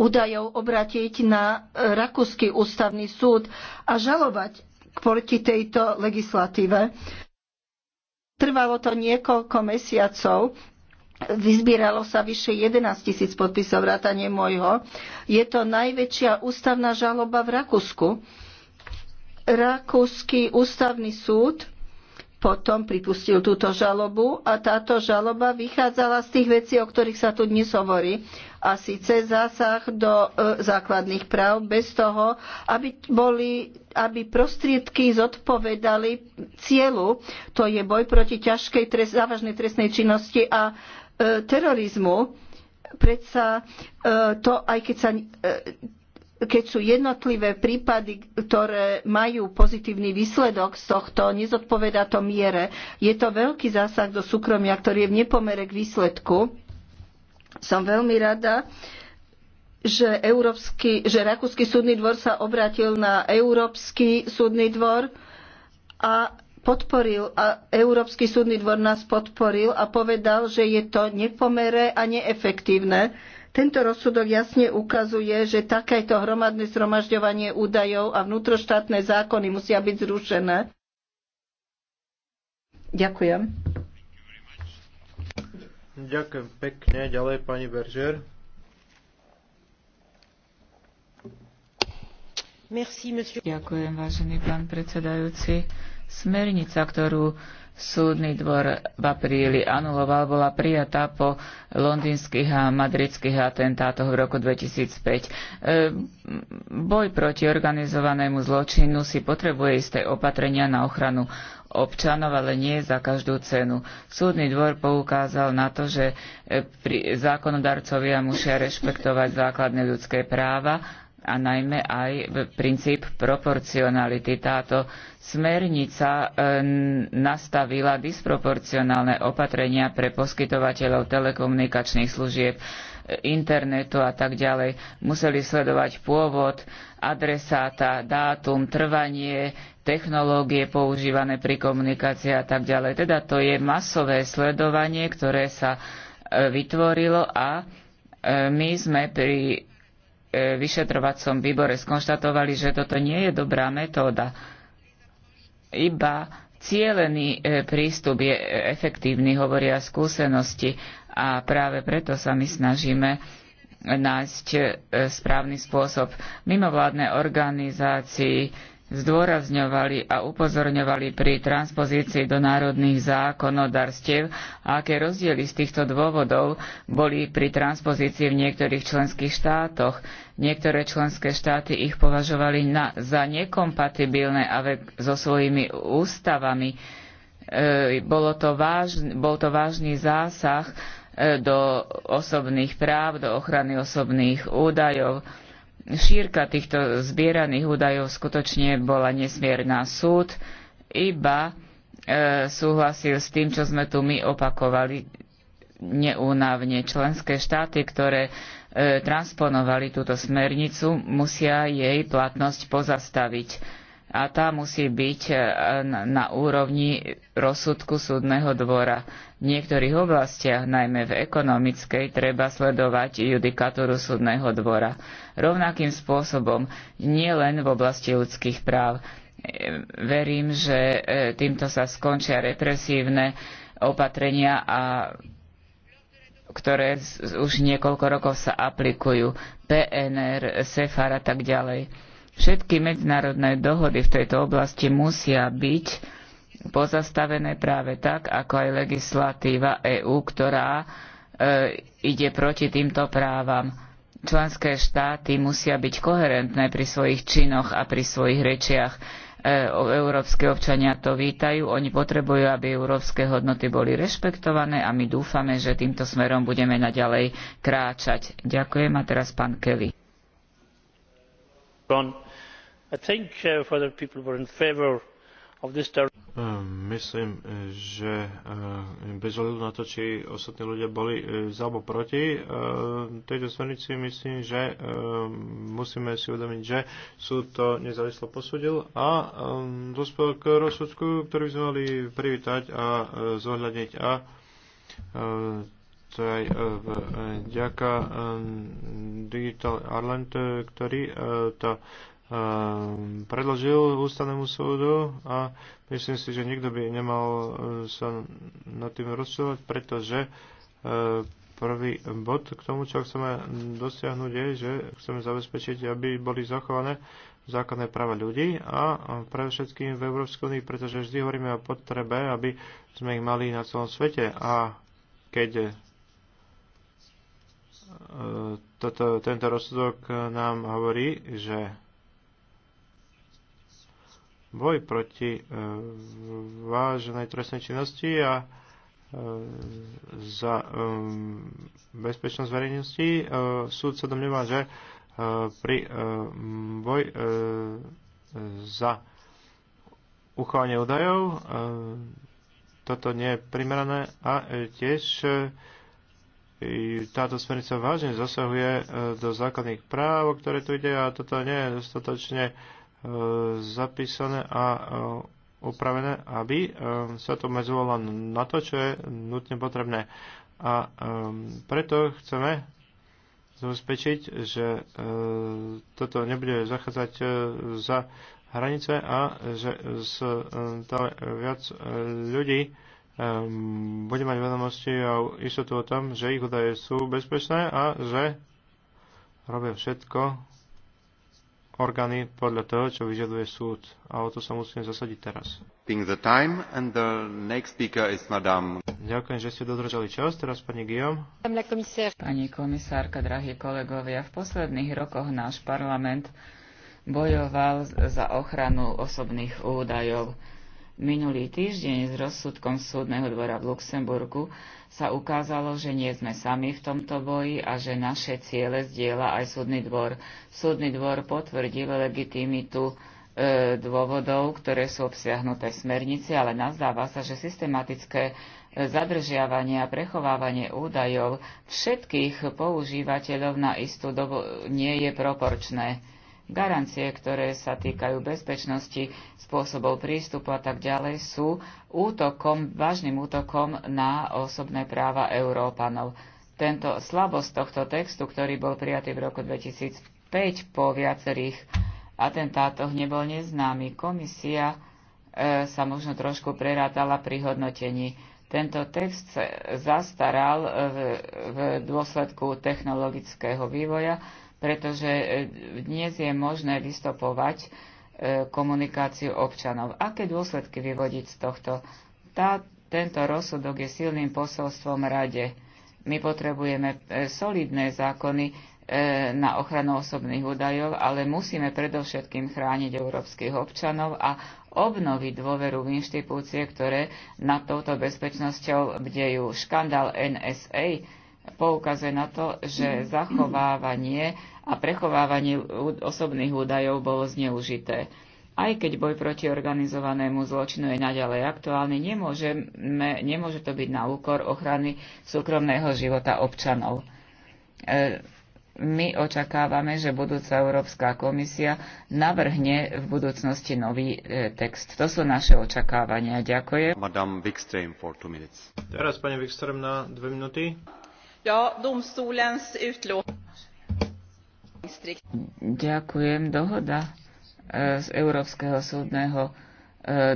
údajov obratiť na eh, Rakúsky ústavný súd a žalovať proti tejto legislatíve. Trvalo to niekoľko mesiacov, Vyzbieralo sa vyše 11 tisíc podpisov vrátane môjho. Je to najväčšia ústavná žaloba v Rakúsku. Rakúsky ústavný súd potom pripustil túto žalobu a táto žaloba vychádzala z tých vecí, o ktorých sa tu dnes hovorí, a síce zásah do e, základných práv bez toho, aby, boli, aby prostriedky zodpovedali cieľu, to je boj proti ťažkej trest, závažnej trestnej činnosti a e, terorizmu. Predsa e, to, aj keď sa e, keď sú jednotlivé prípady, ktoré majú pozitívny výsledok z tohto, nezodpovedá to miere. Je to veľký zásah do súkromia, ktorý je v nepomere k výsledku. Som veľmi rada, že, Európsky, že Rakúsky súdny dvor sa obrátil na Európsky súdny dvor a podporil a Európsky súdny dvor nás podporil a povedal, že je to nepomere a neefektívne tento rozsudok jasne ukazuje, že takéto hromadné zhromažďovanie údajov a vnútroštátne zákony musia byť zrušené. Ďakujem. Ďakujem pekne. Ďalej pani Berger. Ďakujem, vážený pán predsedajúci. Smernica, ktorú súdny dvor v apríli anuloval, bola prijatá po londýnskych a madridských atentátoch v roku 2005. E, boj proti organizovanému zločinu si potrebuje isté opatrenia na ochranu občanov, ale nie za každú cenu. Súdny dvor poukázal na to, že e, zákonodarcovia musia rešpektovať základné ľudské práva a najmä aj princíp proporcionality. Táto smernica e, nastavila disproporcionálne opatrenia pre poskytovateľov telekomunikačných služieb, e, internetu a tak ďalej. Museli sledovať pôvod, adresáta, dátum, trvanie, technológie používané pri komunikácii a tak ďalej. Teda to je masové sledovanie, ktoré sa e, vytvorilo a my sme pri E, vyšetrovacom výbore skonštatovali, že toto nie je dobrá metóda. Iba cielený e, prístup je efektívny, hovoria skúsenosti a práve preto sa my snažíme nájsť e, správny spôsob. Mimovládne organizácii zdôrazňovali a upozorňovali pri transpozícii do národných zákonodarstiev a aké rozdiely z týchto dôvodov boli pri transpozícii v niektorých členských štátoch. Niektoré členské štáty ich považovali na, za nekompatibilné so svojimi ústavami. E, bolo to bol to vážny zásah e, do osobných práv, do ochrany osobných údajov. E, šírka týchto zbieraných údajov skutočne bola nesmierna Súd iba e, súhlasil s tým, čo sme tu my opakovali neúnavne. Členské štáty, ktoré e, transponovali túto smernicu, musia jej platnosť pozastaviť a tá musí byť e, na úrovni rozsudku súdneho dvora. V niektorých oblastiach, najmä v ekonomickej, treba sledovať judikatúru súdneho dvora. Rovnakým spôsobom nie len v oblasti ľudských práv. E, verím, že e, týmto sa skončia represívne opatrenia a ktoré už niekoľko rokov sa aplikujú. PNR, SEFAR a tak ďalej Všetky medzinárodné dohody v tejto oblasti musia byť pozastavené práve tak, ako aj legislatíva EÚ, ktorá e, ide proti týmto právam. Členské štáty musia byť koherentné pri svojich činoch a pri svojich rečiach. E, európske občania to vítajú, oni potrebujú, aby európske hodnoty boli rešpektované a my dúfame, že týmto smerom budeme naďalej kráčať. Ďakujem a teraz pán Kelly. Uh, um, myslím, uh, že uh, bez ohľadu na to, či ostatní ľudia boli za alebo proti tejto smernici, myslím, že musíme si uvedomiť, že súd to nezávislo posúdil a um, dospel k rozsudku, ktorý by sme mali privítať a zohľadniť a to aj vďaka um, Digital Ireland, ktorý to Ehm, predložil ústavnému súdu a myslím si, že nikto by nemal eh, sa nad tým rozčilovať, pretože eh, prvý bod k tomu, čo chceme dosiahnuť, je, že chceme zabezpečiť, aby boli zachované základné práva ľudí a pre všetkým v Európskej únii, pretože vždy hovoríme o potrebe, aby sme ich mali na celom svete a keď eh, toto, tento rozsudok nám hovorí, že boj proti e, vážnej trestnej činnosti a e, za e, bezpečnosť verejnosti. Súd sa domnieva, že pri boj za uchovanie údajov toto nie je primerané a tiež táto smernica vážne zasahuje do základných práv, o ktoré tu ide a toto nie je dostatočne zapísané a e, upravené, aby e, sa to medzovalo na to, čo je nutne potrebné. A e, preto chceme zabezpečiť, že toto nebude zachádzať za hranice a že stále viac ľudí bude mať vedomosti a istotu o tom, že ich údaje sú bezpečné a že robia všetko, orgány podľa toho, čo vyžaduje súd. A o to sa musíme zasadiť teraz. Ďakujem, že ste dodržali čas. Teraz pani Guillaume. Pani komisárka, drahí kolegovia, v posledných rokoch náš parlament bojoval za ochranu osobných údajov. Minulý týždeň s rozsudkom súdneho dvora v Luxemburgu sa ukázalo, že nie sme sami v tomto boji a že naše ciele zdieľa aj súdny dvor. Súdny dvor potvrdil legitimitu e, dôvodov, ktoré sú obsiahnuté v smernici, ale nazdáva sa, že systematické e, zadržiavanie a prechovávanie údajov všetkých používateľov na istú dobu nie je proporčné. Garancie, ktoré sa týkajú bezpečnosti, spôsobov prístupu a tak ďalej, sú útokom, vážnym útokom na osobné práva Európanov. Tento slabosť tohto textu, ktorý bol prijatý v roku 2005 po viacerých atentátoch, nebol neznámy. Komisia e, sa možno trošku prerátala pri hodnotení. Tento text zastaral v, v dôsledku technologického vývoja, pretože e, dnes je možné vystopovať e, komunikáciu občanov. Aké dôsledky vyvodiť z tohto? Tá, tento rozsudok je silným posolstvom rade. My potrebujeme e, solidné zákony na ochranu osobných údajov, ale musíme predovšetkým chrániť európskych občanov a obnoviť dôveru v inštitúcie, ktoré nad touto bezpečnosťou bdejú. Škandál NSA poukazuje na to, že zachovávanie a prechovávanie osobných údajov bolo zneužité. Aj keď boj proti organizovanému zločinu je naďalej aktuálny, nemôžeme, nemôže to byť na úkor ochrany súkromného života občanov. E, my očakávame, že budúca Európska komisia navrhne v budúcnosti nový e, text. To sú naše očakávania. Ďakujem. Madame Wikström for two minutes. Teraz pani Wikström na dve minúty. Ďakujem. Dohoda e, z Európskeho súdneho e,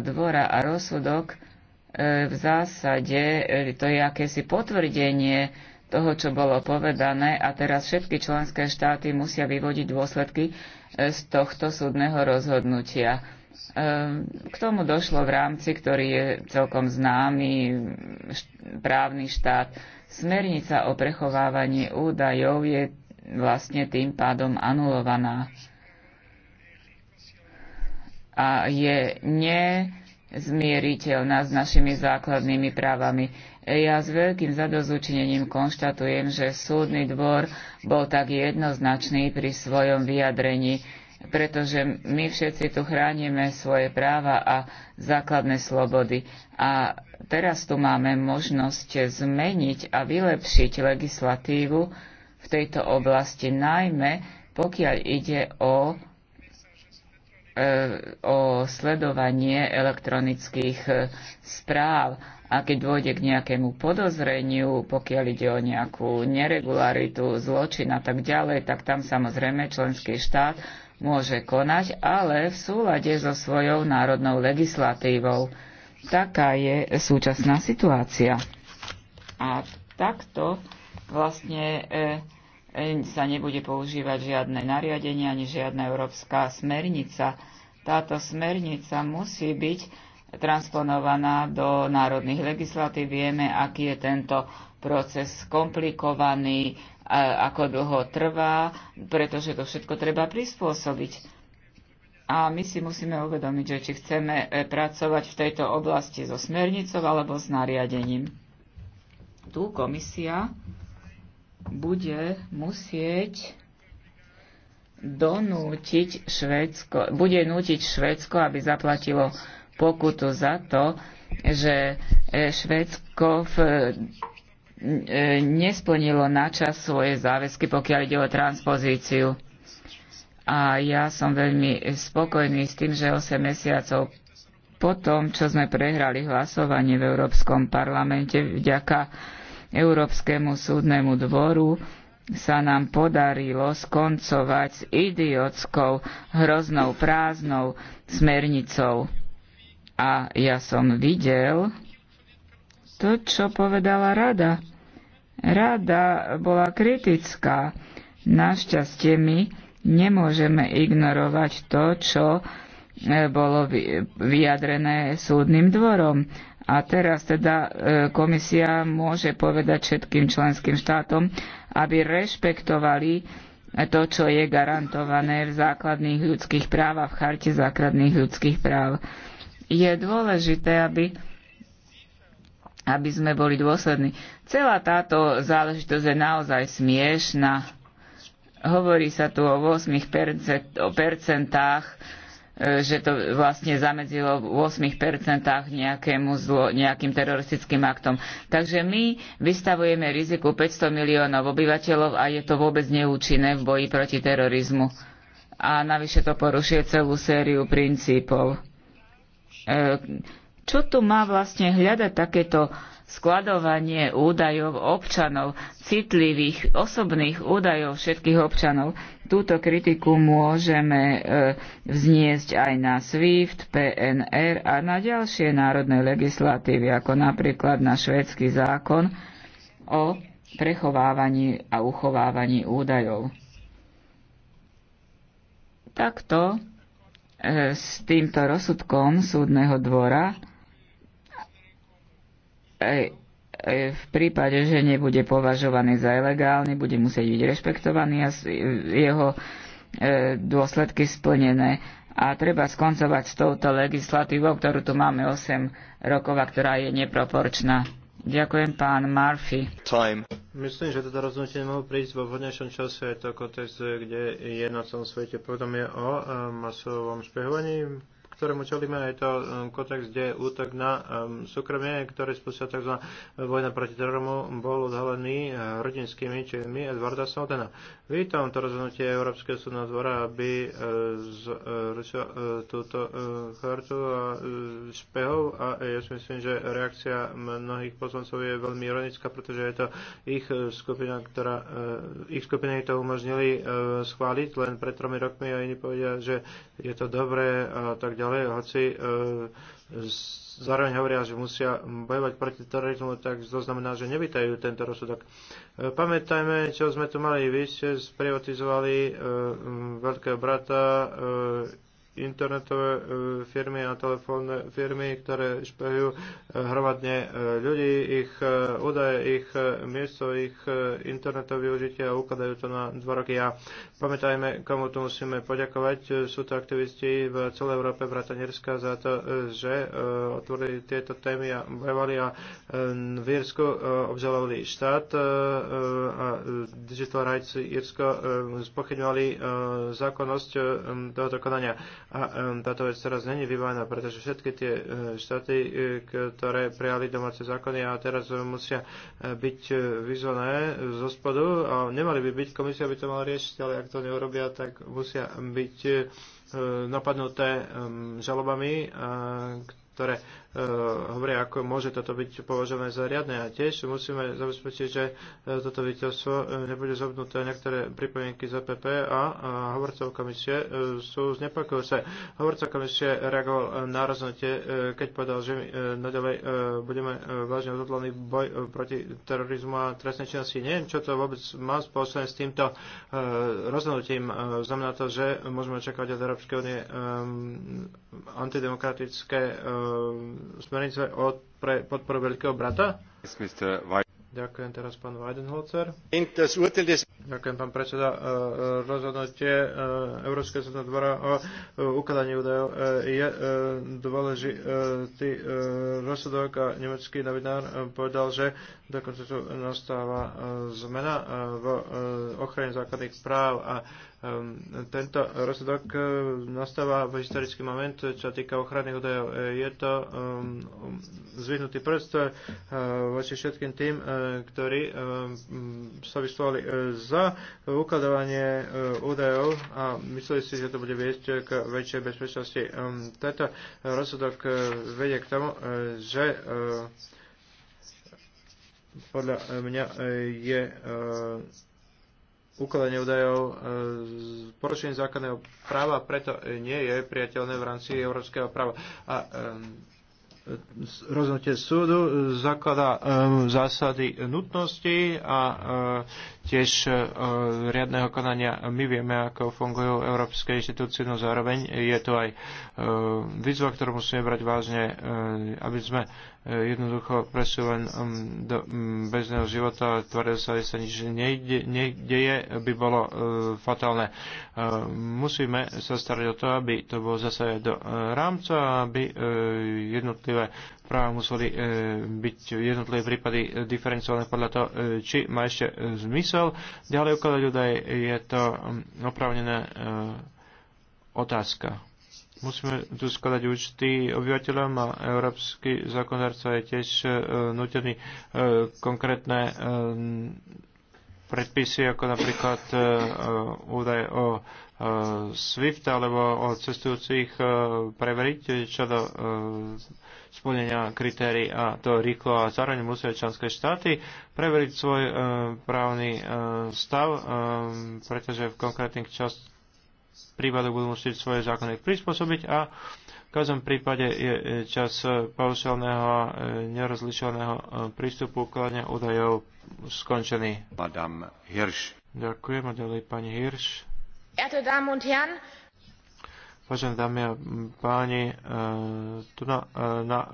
dvora a rozsudok e, v zásade to je akési potvrdenie toho, čo bolo povedané a teraz všetky členské štáty musia vyvodiť dôsledky z tohto súdneho rozhodnutia. K tomu došlo v rámci, ktorý je celkom známy, právny štát. Smernica o prechovávaní údajov je vlastne tým pádom anulovaná a je nezmieriteľná s našimi základnými právami. Ja s veľkým zadozučinením konštatujem, že súdny dvor bol tak jednoznačný pri svojom vyjadrení pretože my všetci tu chránime svoje práva a základné slobody. A teraz tu máme možnosť zmeniť a vylepšiť legislatívu v tejto oblasti, najmä pokiaľ ide o, e, o sledovanie elektronických e, správ. A keď dôjde k nejakému podozreniu, pokiaľ ide o nejakú neregularitu, zločin a tak ďalej, tak tam samozrejme členský štát môže konať, ale v súlade so svojou národnou legislatívou. Taká je súčasná situácia. A takto vlastne e, e, sa nebude používať žiadne nariadenie ani žiadna európska smernica. Táto smernica musí byť transponovaná do národných legislatív. Vieme, aký je tento proces komplikovaný, ako dlho trvá, pretože to všetko treba prispôsobiť. A my si musíme uvedomiť, že či chceme e, pracovať v tejto oblasti so smernicou alebo s nariadením. Tu komisia bude musieť donútiť Švédsko, bude nútiť Švédsko, aby zaplatilo pokutu za to, že e, Švédsko v E, nesplnilo načas svoje záväzky, pokiaľ ide o transpozíciu. A ja som veľmi spokojný s tým, že 8 mesiacov po tom, čo sme prehrali hlasovanie v Európskom parlamente vďaka Európskemu súdnemu dvoru, sa nám podarilo skoncovať s idiotskou, hroznou, prázdnou smernicou. A ja som videl to, čo povedala rada Rada bola kritická. Našťastie my nemôžeme ignorovať to, čo e, bolo vyjadrené súdnym dvorom. A teraz teda e, komisia môže povedať všetkým členským štátom, aby rešpektovali to, čo je garantované v základných ľudských práv a v charte základných ľudských práv. Je dôležité, aby aby sme boli dôslední. Celá táto záležitosť je naozaj smiešná. Hovorí sa tu o 8 o percentách, e, že to vlastne zamedzilo v 8 nejakému zlo, nejakým teroristickým aktom. Takže my vystavujeme riziku 500 miliónov obyvateľov a je to vôbec neúčinné v boji proti terorizmu. A navyše to porušuje celú sériu princípov. E čo tu má vlastne hľadať takéto skladovanie údajov občanov, citlivých osobných údajov všetkých občanov. Túto kritiku môžeme e, vzniesť aj na SWIFT, PNR a na ďalšie národné legislatívy, ako napríklad na švédsky zákon o prechovávaní a uchovávaní údajov. Takto e, s týmto rozsudkom súdneho dvora v prípade, že nebude považovaný za ilegálny, bude musieť byť rešpektovaný a jeho e, dôsledky splnené. A treba skoncovať s touto legislatívou, ktorú tu máme 8 rokov a ktorá je neproporčná. Ďakujem, pán Murphy. Time. Myslím, že toto rozhodnutie mohlo prísť vo vhodnejšom čase. Je to kontext, kde je na celom svete povedomie o e, masovom špehovaní ktorému čelíme. Je to um, kontext, kde útok na um, súkromie, ktorý spustila tzv. vojna proti teroru, bol odhalený uh, rodinskými činmi Edwarda Snowdena. Vítam to rozhodnutie Európskeho súdneho dvora, aby uh, zrušil uh, túto chartu a špehov a ja si myslím, že reakcia mnohých poslancov je veľmi ironická, pretože je to ich skupina, ktorá ich skupiny to umožnili schváliť len pred tromi rokmi a iní povedia, že je to dobré a tak ďalej, hoci e, zároveň hovoria, že musia bojovať proti terorizmu, tak to znamená, že nevytajú tento rozsudok. E, pamätajme, čo sme tu mali. Vy ste sprivatizovali e, veľkého brata, internetové e, firmy a telefónne firmy, ktoré špehujú e, hromadne e, ľudí, ich údaje, ich miesto, ich internetové využitie a ukladajú to na dva roky. A pamätajme, komu tu musíme poďakovať. Sú to aktivisti v celej Európe, Bratanierska, za to, že otvorili tieto témy a bojovali a v Írsku obžalovali štát a Digital Rights Írsko spochybňovali zákonnosť tohoto konania. A táto vec teraz není vybavená, pretože všetky tie e, štáty, e, ktoré prijali domáce zákony a teraz musia e, byť vyzvané zo spodu a nemali by byť, komisia by to mala riešiť, ale ak to neurobia, tak musia byť napadnuté žalobami, ktoré Eh, hovoria, ako môže toto byť považované za riadne. A tiež musíme zabezpečiť, že eh, toto víťazstvo eh, nebude zobnuté. Niektoré pripomienky z EPP a hovorcov komisie sú znepokojúce. Hovorca komisie reagoval na rozhodnutie, keď povedal, že my naďalej budeme vážne odhodlaný boj proti terorizmu a trestnej činnosti. Neviem, čo to vôbec má spoločné s týmto rozhodnutím. Znamená to, že môžeme očakávať od Európskej únie antidemokratické smernice pre podporu Veľkého brata? Ďakujem teraz pán Weidenholzer. Ďakujem pán predseda. E, e, rozhodnutie e, Európskeho súdneho dvora o ukladaní údajov je dôležitý rozsudok a nemecký novinár povedal, že dokonca tu nastáva zmena v ochrane základných práv a Ehm, tento rozsudok e, nastáva v historický moment, čo týka ochranných údajov. E, je to ehm, zvyhnutý prst e, voči všetkým tým, ktorí sa vyslovali za ukladovanie údajov a mysleli si, že to bude viesť k väčšej bezpečnosti. Ehm, tento rozsudok vedie k tomu, že podľa mňa je ukladanie údajov e, porušenie základného práva, preto e, nie je priateľné v rámci európskeho práva. A e, rozhodnutie súdu zaklada zásady nutnosti a tiež e, riadného konania. My vieme, ako fungujú európske inštitúcie, no zároveň je to aj e, výzva, ktorú musíme brať vážne, e, aby sme jednoducho presne len do bežného života tvrdil sa, že sa nič nedieje, by bolo uh, fatálne. Uh, musíme sa starať o to, aby to bolo zase do rámca, aby uh, jednotlivé práva museli e, byť jednotlivé prípady e, diferencované podľa toho, e, či má ešte zmysel. Ďalej ukladať údaje je to opravnená otázka. Musíme tu skladať účty obyvateľom a európsky zákonodárca je tiež nutený konkrétne predpisy, ako napríklad údaj o SWIFT alebo o cestujúcich preveriť čo do splnenia kritérií a to rýchlo a zároveň musia členské štáty preveriť svoj e, právny e, stav, e, pretože v konkrétnych čas prípadoch budú musieť svoje zákony prispôsobiť a v každom prípade je e, čas paušálneho a e, nerozlišovaného e, prístupu ukladania údajov skončený. Madame Hirsch. Ďakujem a ďalej pani Hirsch. Erte Damen und Herren, Vážené dámy a páni, e, tu na, e, na e,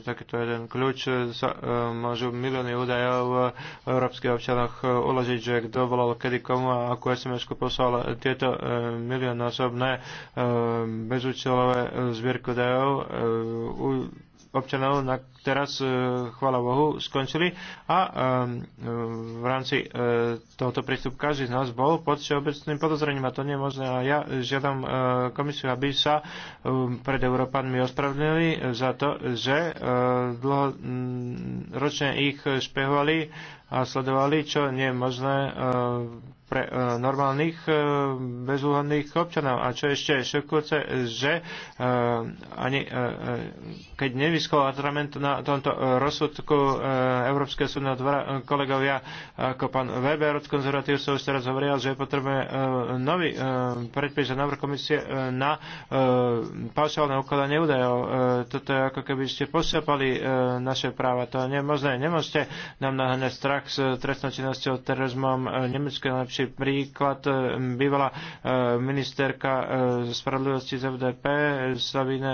takýto jeden kľúč sa môžu milióny údajov v európskych občanoch uložiť, že kto volal kedy komu a akú SMS-ku poslal. Tieto miliónosobné bezúčelové zbierky údajov občanov na teraz, e, chvála Bohu, skončili a e, v rámci e, tohoto prístupu každý z nás bol pod všeobecným podozrením a to nie je možné. A ja žiadam komisiu, aby sa pred Európanmi ospravedlnili za to, že dlhoročne ich špehovali a sledovali, čo nie je možné pre e, normálnych e, bezúhodných občanov. A čo ešte šokujúce, že e, ani keď nevyskol atrament na tomto rozsudku Európskeho súdneho dvora, kolegovia ako pán Weber od konzervatívcov už teraz hovoril, že potrebujeme nový predpis a návrh komisie na paušálne ukladanie údajov. Toto je ako keby ste posiapali naše práva. To je nemožné. Nemôžete nám naháňať strach s trestnou činnosťou, terorizmom, nemecké najlepšie či príklad e, bývala e, ministerka e, spravodlivosti z FDP Sabine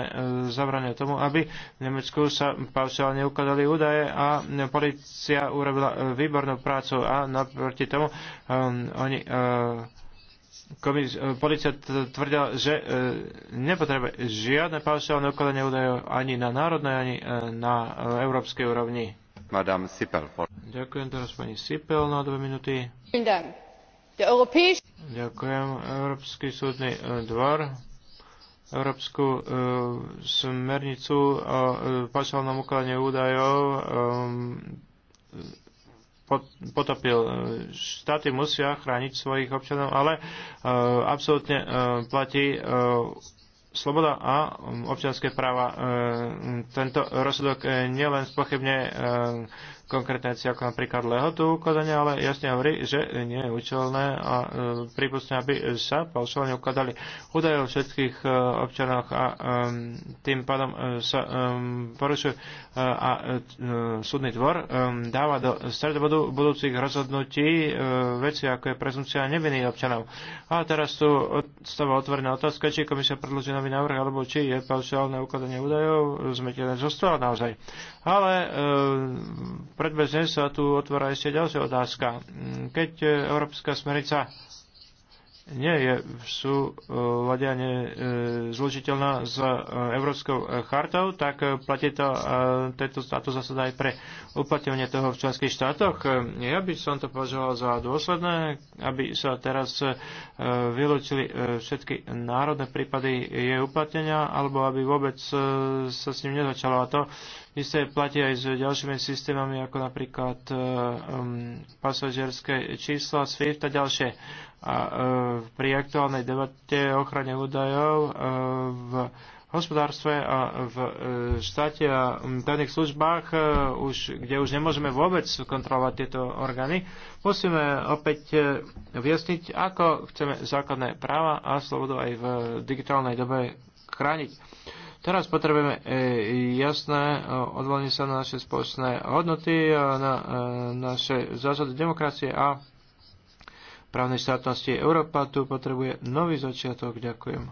zabrania tomu, aby v Nemecku sa paušálne ukladali údaje a policia urobila výbornú prácu a naproti tomu um, oni uh, komis- policia tvrdila, že e, nepotrebuje žiadne paušálne ukladanie údajov ani na národnej, ani e, na e, európskej úrovni. Madame Sipel. Ďakujem teraz pani Sipel na dve minúty. Ďakujem. Ďakujem. Európsky súdny e, dvor Európsku e, smernicu o e, pasovnom ukladne údajov e, potopil. E, štáty musia chrániť svojich občanov, ale e, absolútne e, platí e, sloboda a um, občianské práva. E, um, tento rozsudok e, nielen spochybne e, konkrétne ako napríklad lehotu ukladania, ale jasne hovorí, že nie je účelné a prípustne, aby sa paušálne ukladali údaje o všetkých občanoch a um, tým pádom sa porušuje a súdny dvor dáva do stredovodu budúcich rozhodnutí veci, ako je prezumcia nevinných občanov. A teraz tu stáva otvorená otázka, či komisia predloží nový návrh, alebo či je paušálne ukladanie údajov zmetené zo stola naozaj. Ale e, predbežne sa tu otvára ešte ďalšia otázka. Keď e, Európska smerica nie je v súlade e, zložiteľná s e, Európskou e, chartou, tak platí to, tento, táto zásada aj pre uplatňovanie toho v členských štátoch. Ja by som to považoval za dôsledné, aby sa teraz vylúčili všetky národné prípady jej uplatnenia, alebo aby vôbec sa s ním nezačalo. A to isté platí aj s ďalšími systémami, ako napríklad pasažierské čísla, SWIFT a ďalšie a e, pri aktuálnej debate o ochrane údajov e, v hospodárstve a v e, štáte a tajných službách, už, kde už nemôžeme vôbec kontrolovať tieto orgány, musíme opäť vyjasniť, ako chceme základné práva a slobodu aj v digitálnej dobe chrániť. Teraz potrebujeme jasné odvolenie sa na naše spoločné hodnoty, na naše zásady demokracie a právnej štátnosti. Európa tu potrebuje nový začiatok. Ďakujem.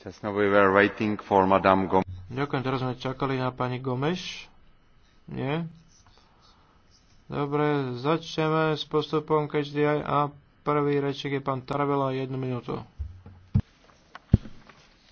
Just now we were waiting for Madame Gomes. Ďakujem, teraz sme čakali na pani Gomeš. Nie? Dobre, začneme s postupom každý aj a prvý reček je pán Tarabela, jednu minútu.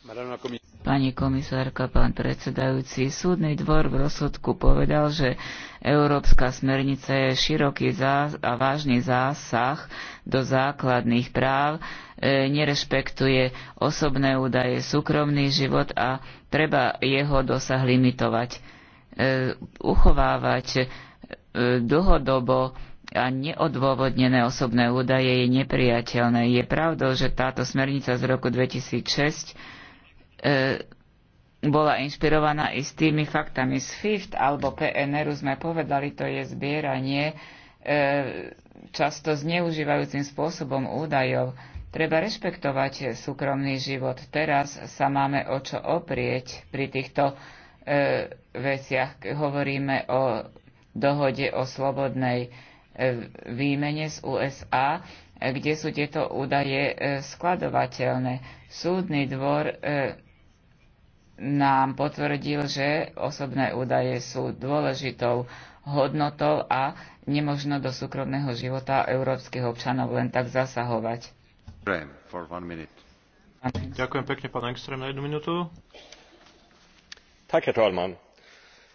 Madame la Pani komisárka, pán predsedajúci, súdny dvor v rozsudku povedal, že Európska smernica je široký a vážny zásah do základných práv, e, nerešpektuje osobné údaje, súkromný život a treba jeho dosah limitovať. E, uchovávať e, dlhodobo a neodôvodnené osobné údaje je nepriateľné. Je pravdou, že táto smernica z roku 2006 E, bola inšpirovaná istými faktami. Z FIFT alebo PNR sme povedali, to je zbieranie e, často zneužívajúcim spôsobom údajov. Treba rešpektovať súkromný život. Teraz sa máme o čo oprieť pri týchto e, veciach. Hovoríme o dohode o slobodnej e, výmene z USA, e, kde sú tieto údaje e, skladovateľné. Súdny dvor e, nám potvrdil, že osobné údaje sú dôležitou hodnotou a nemožno do súkromného života európskych občanov len tak zasahovať. Ďakujem pekne, pán Engström, na jednu minútu. Tak, herr talman.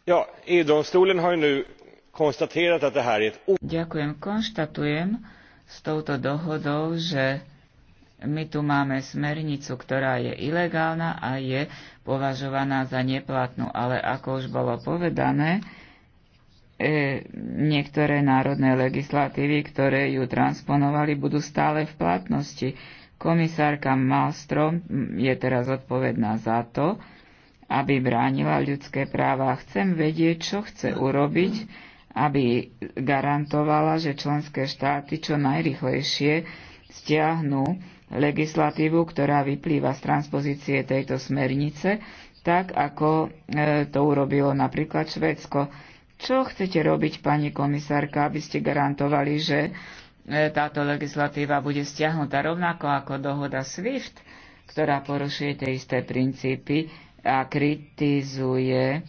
Ja, EU-domstolen har nu konstaterat att det här är ett... Ďakujem, konštatujem s touto dohodou, že my tu máme smernicu, ktorá je ilegálna a je považovaná za neplatnú, ale ako už bolo povedané, e, niektoré národné legislatívy, ktoré ju transponovali, budú stále v platnosti. Komisárka Malstrom je teraz odpovedná za to, aby bránila ľudské práva. Chcem vedieť, čo chce urobiť, aby garantovala, že členské štáty čo najrychlejšie stiahnu legislatívu, ktorá vyplýva z transpozície tejto smernice, tak ako e, to urobilo napríklad Švedsko. Čo chcete robiť, pani komisárka, aby ste garantovali, že e, táto legislatíva bude stiahnutá rovnako ako dohoda SWIFT, ktorá porušuje tie isté princípy a kritizuje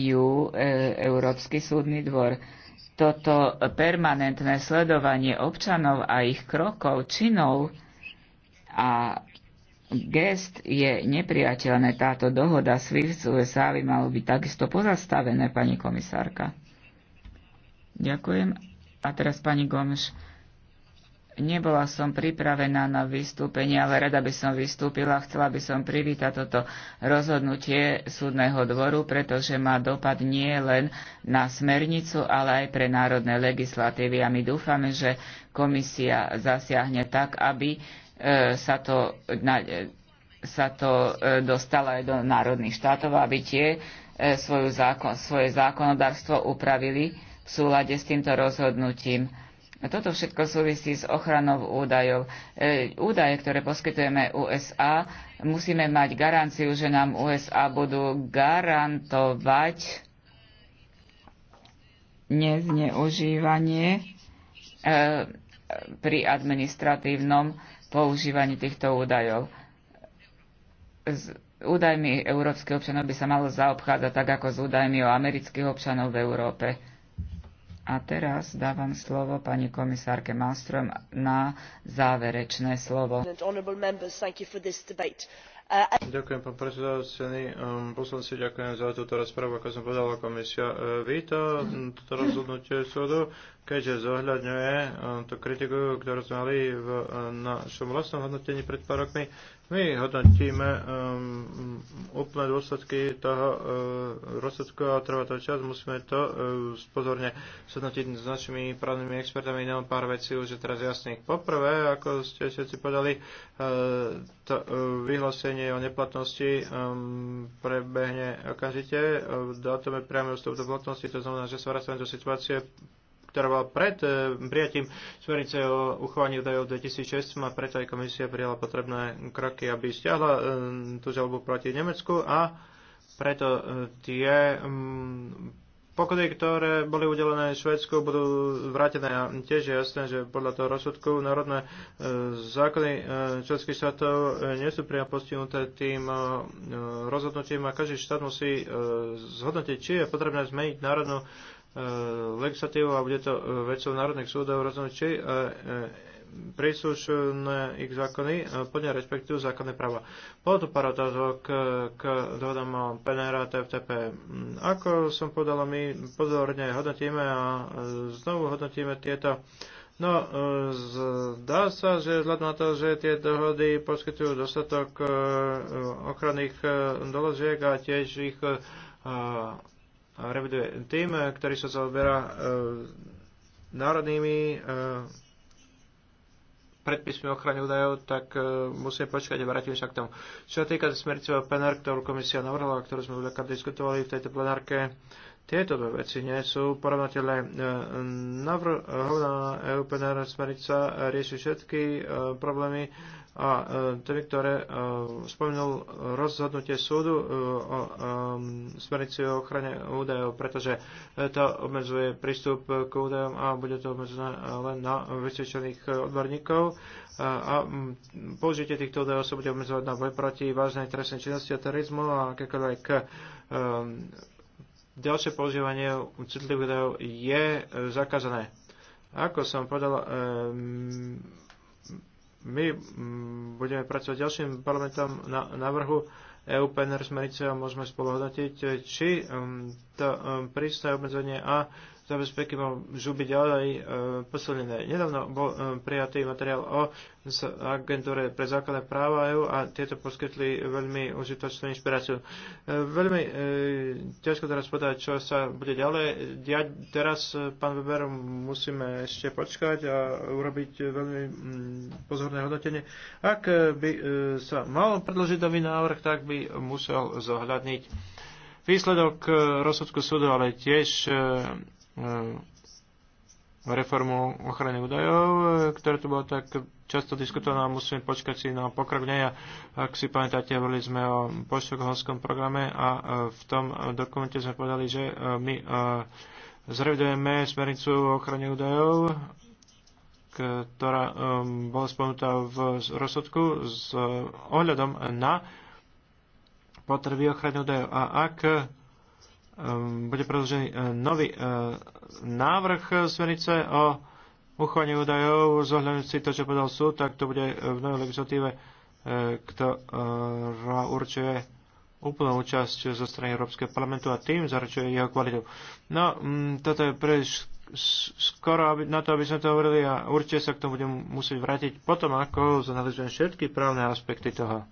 ju e Európsky súdny dvor. Toto permanentné sledovanie občanov a ich krokov, činov a gest je nepriateľné. Táto dohoda SWIFT USA by malo byť takisto pozastavené, pani komisárka. Ďakujem. A teraz pani Gomeš Nebola som pripravená na vystúpenie, ale rada by som vystúpila. Chcela by som privítať toto rozhodnutie súdneho dvoru, pretože má dopad nie len na smernicu, ale aj pre národné legislatívy. A my dúfame, že komisia zasiahne tak, aby e, sa to, e, sa to e, dostalo aj do národných štátov, aby tie svoju zákon, svoje zákonodárstvo upravili v súlade s týmto rozhodnutím. A Toto všetko súvisí s ochranou údajov. E, údaje, ktoré poskytujeme USA, musíme mať garanciu, že nám USA budú garantovať nezneužívanie e, pri administratívnom používaní týchto údajov. S údajmi európskych občanov by sa malo zaobchádzať tak, ako s údajmi o amerických občanov v Európe a teraz dávam slovo pani komisárke Malmström na záverečné slovo. Ďakujem, pán predseda, um, poslanci, ďakujem za túto rozpravu, ako som povedala komisia. Uh, víta toto rozhodnutie súdu, keďže zohľadňuje uh, tú kritiku, ktorú sme mali v uh, našom vlastnom hodnotení pred pár rokmi my hodnotíme um, úplné dôsledky toho uh, rozsudku a trvá to čas. Musíme to uh, pozorne shodnotiť s našimi právnymi expertami. Nemám pár vecí už je teraz jasných. Poprvé, ako ste všetci podali, uh, to uh, vyhlásenie o neplatnosti um, prebehne okamžite. Uh, dátome priamo vstup do platnosti, to znamená, že sa vracame do situácie ktorá bola pred e, prijatím smernice o uchovaní údajov 2006, a preto aj komisia prijala potrebné kroky, aby stiahla e, tú žalobu proti Nemecku a preto e, tie pokuty, ktoré boli udelené Švedsku, budú vrátené. A tiež je jasné, že podľa toho rozsudku národné zákony Českých štátov nie sú priamo postihnuté tým rozhodnutím a každý štát musí zhodnotiť, či je potrebné zmeniť národnú Eh, legislatívu a bude to eh, vecou národných súdov rozhodnúť, či eh, príslušné ich zákony podľa respektujú zákonné práva. Bolo tu pár otázok k dohodám o PNR a TFTP. Mm, ako som povedala, my pozorne hodnotíme a znovu hodnotíme tieto No, zdá sa, že vzhľadom na to, že tie dohody poskytujú dostatok ochranných doložiek a tiež ich reviduje tým, e, ktorý sa zaoberá e, národnými e, predpismi ochrany údajov, tak uh, musíme počkať a vrátim sa k tomu. Čo sa týka smernice PNR, ktorú komisia navrhla, ktorú sme veľakrát diskutovali v tejto plenárke, tieto dve veci nie sú porovnateľné. Navrhovaná EU PNR smernica rieši všetky uh, problémy a e, tedy, ktoré e, spomenul rozhodnutie súdu e, o smernici o ochrane údajov, pretože to obmedzuje prístup k údajom a bude to obmedzené len na vysvedčených odborníkov a použitie týchto údajov sa bude obmedzovať na boj proti vážnej trestnej činnosti a terorizmu a akékoľvek ďalšie používanie citlivých údajov je zakázané. Ako som povedal, my mm, budeme pracovať ďalším parlamentom na návrhu EU PNR smernice a môžeme spoluhodnotiť, či mm, to mm, prísne obmedzenie a zabezpeky mal žuby ďalej e, posilnené. Nedávno bol e, prijatý materiál o z agentúre pre základné práva EU a tieto poskytli veľmi užitočnú inšpiráciu. E, veľmi e, ťažko teraz povedať, čo sa bude ďalej diať. Teraz, e, pán Weber, musíme ešte počkať a urobiť veľmi mm, pozorné hodnotenie. Ak e, by e, sa mal predložiť nový návrh, tak by musel zohľadniť výsledok e, rozsudku súdu, ale tiež E, reformu ochrany údajov, e, ktorá tu bola tak často diskutovaná, musíme počkať si na pokrok nej. ak si pamätáte, hovorili sme o poštokholmskom programe a e, v tom dokumente sme povedali, že my zrevidujeme smernicu o ochrane údajov, ktorá bola spomenutá v rozsudku s ohľadom na potreby ochrany údajov. A ak Ehm, bude predložený e, nový e, návrh smernice o uchovaní údajov zohľadňujúci to, čo povedal súd, tak to bude e, v novej legislatíve, ktorá určuje úplnú účasť zo strany Európskeho parlamentu a tým zaručuje jeho kvalitu. No, mm, toto je príliš skoro na to, aby sme to hovorili a určite sa k tomu budem musieť vrátiť potom, ako zanalizujem všetky právne aspekty toho.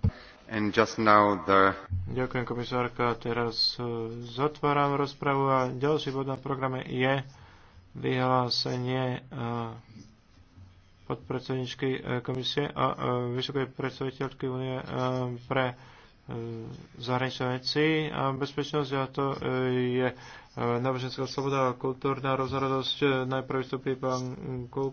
The... Ďakujem, komisárka. Teraz e, zatváram rozpravu a ďalší bod na programe je vyhlásenie e, podpredsedničky e, komisie a vysokej predstaviteľky únie pre zahraničné veci a bezpečnosť a to je náboženská sloboda a kultúrna rozhodnosť. Najprv vystupí pán Kulk.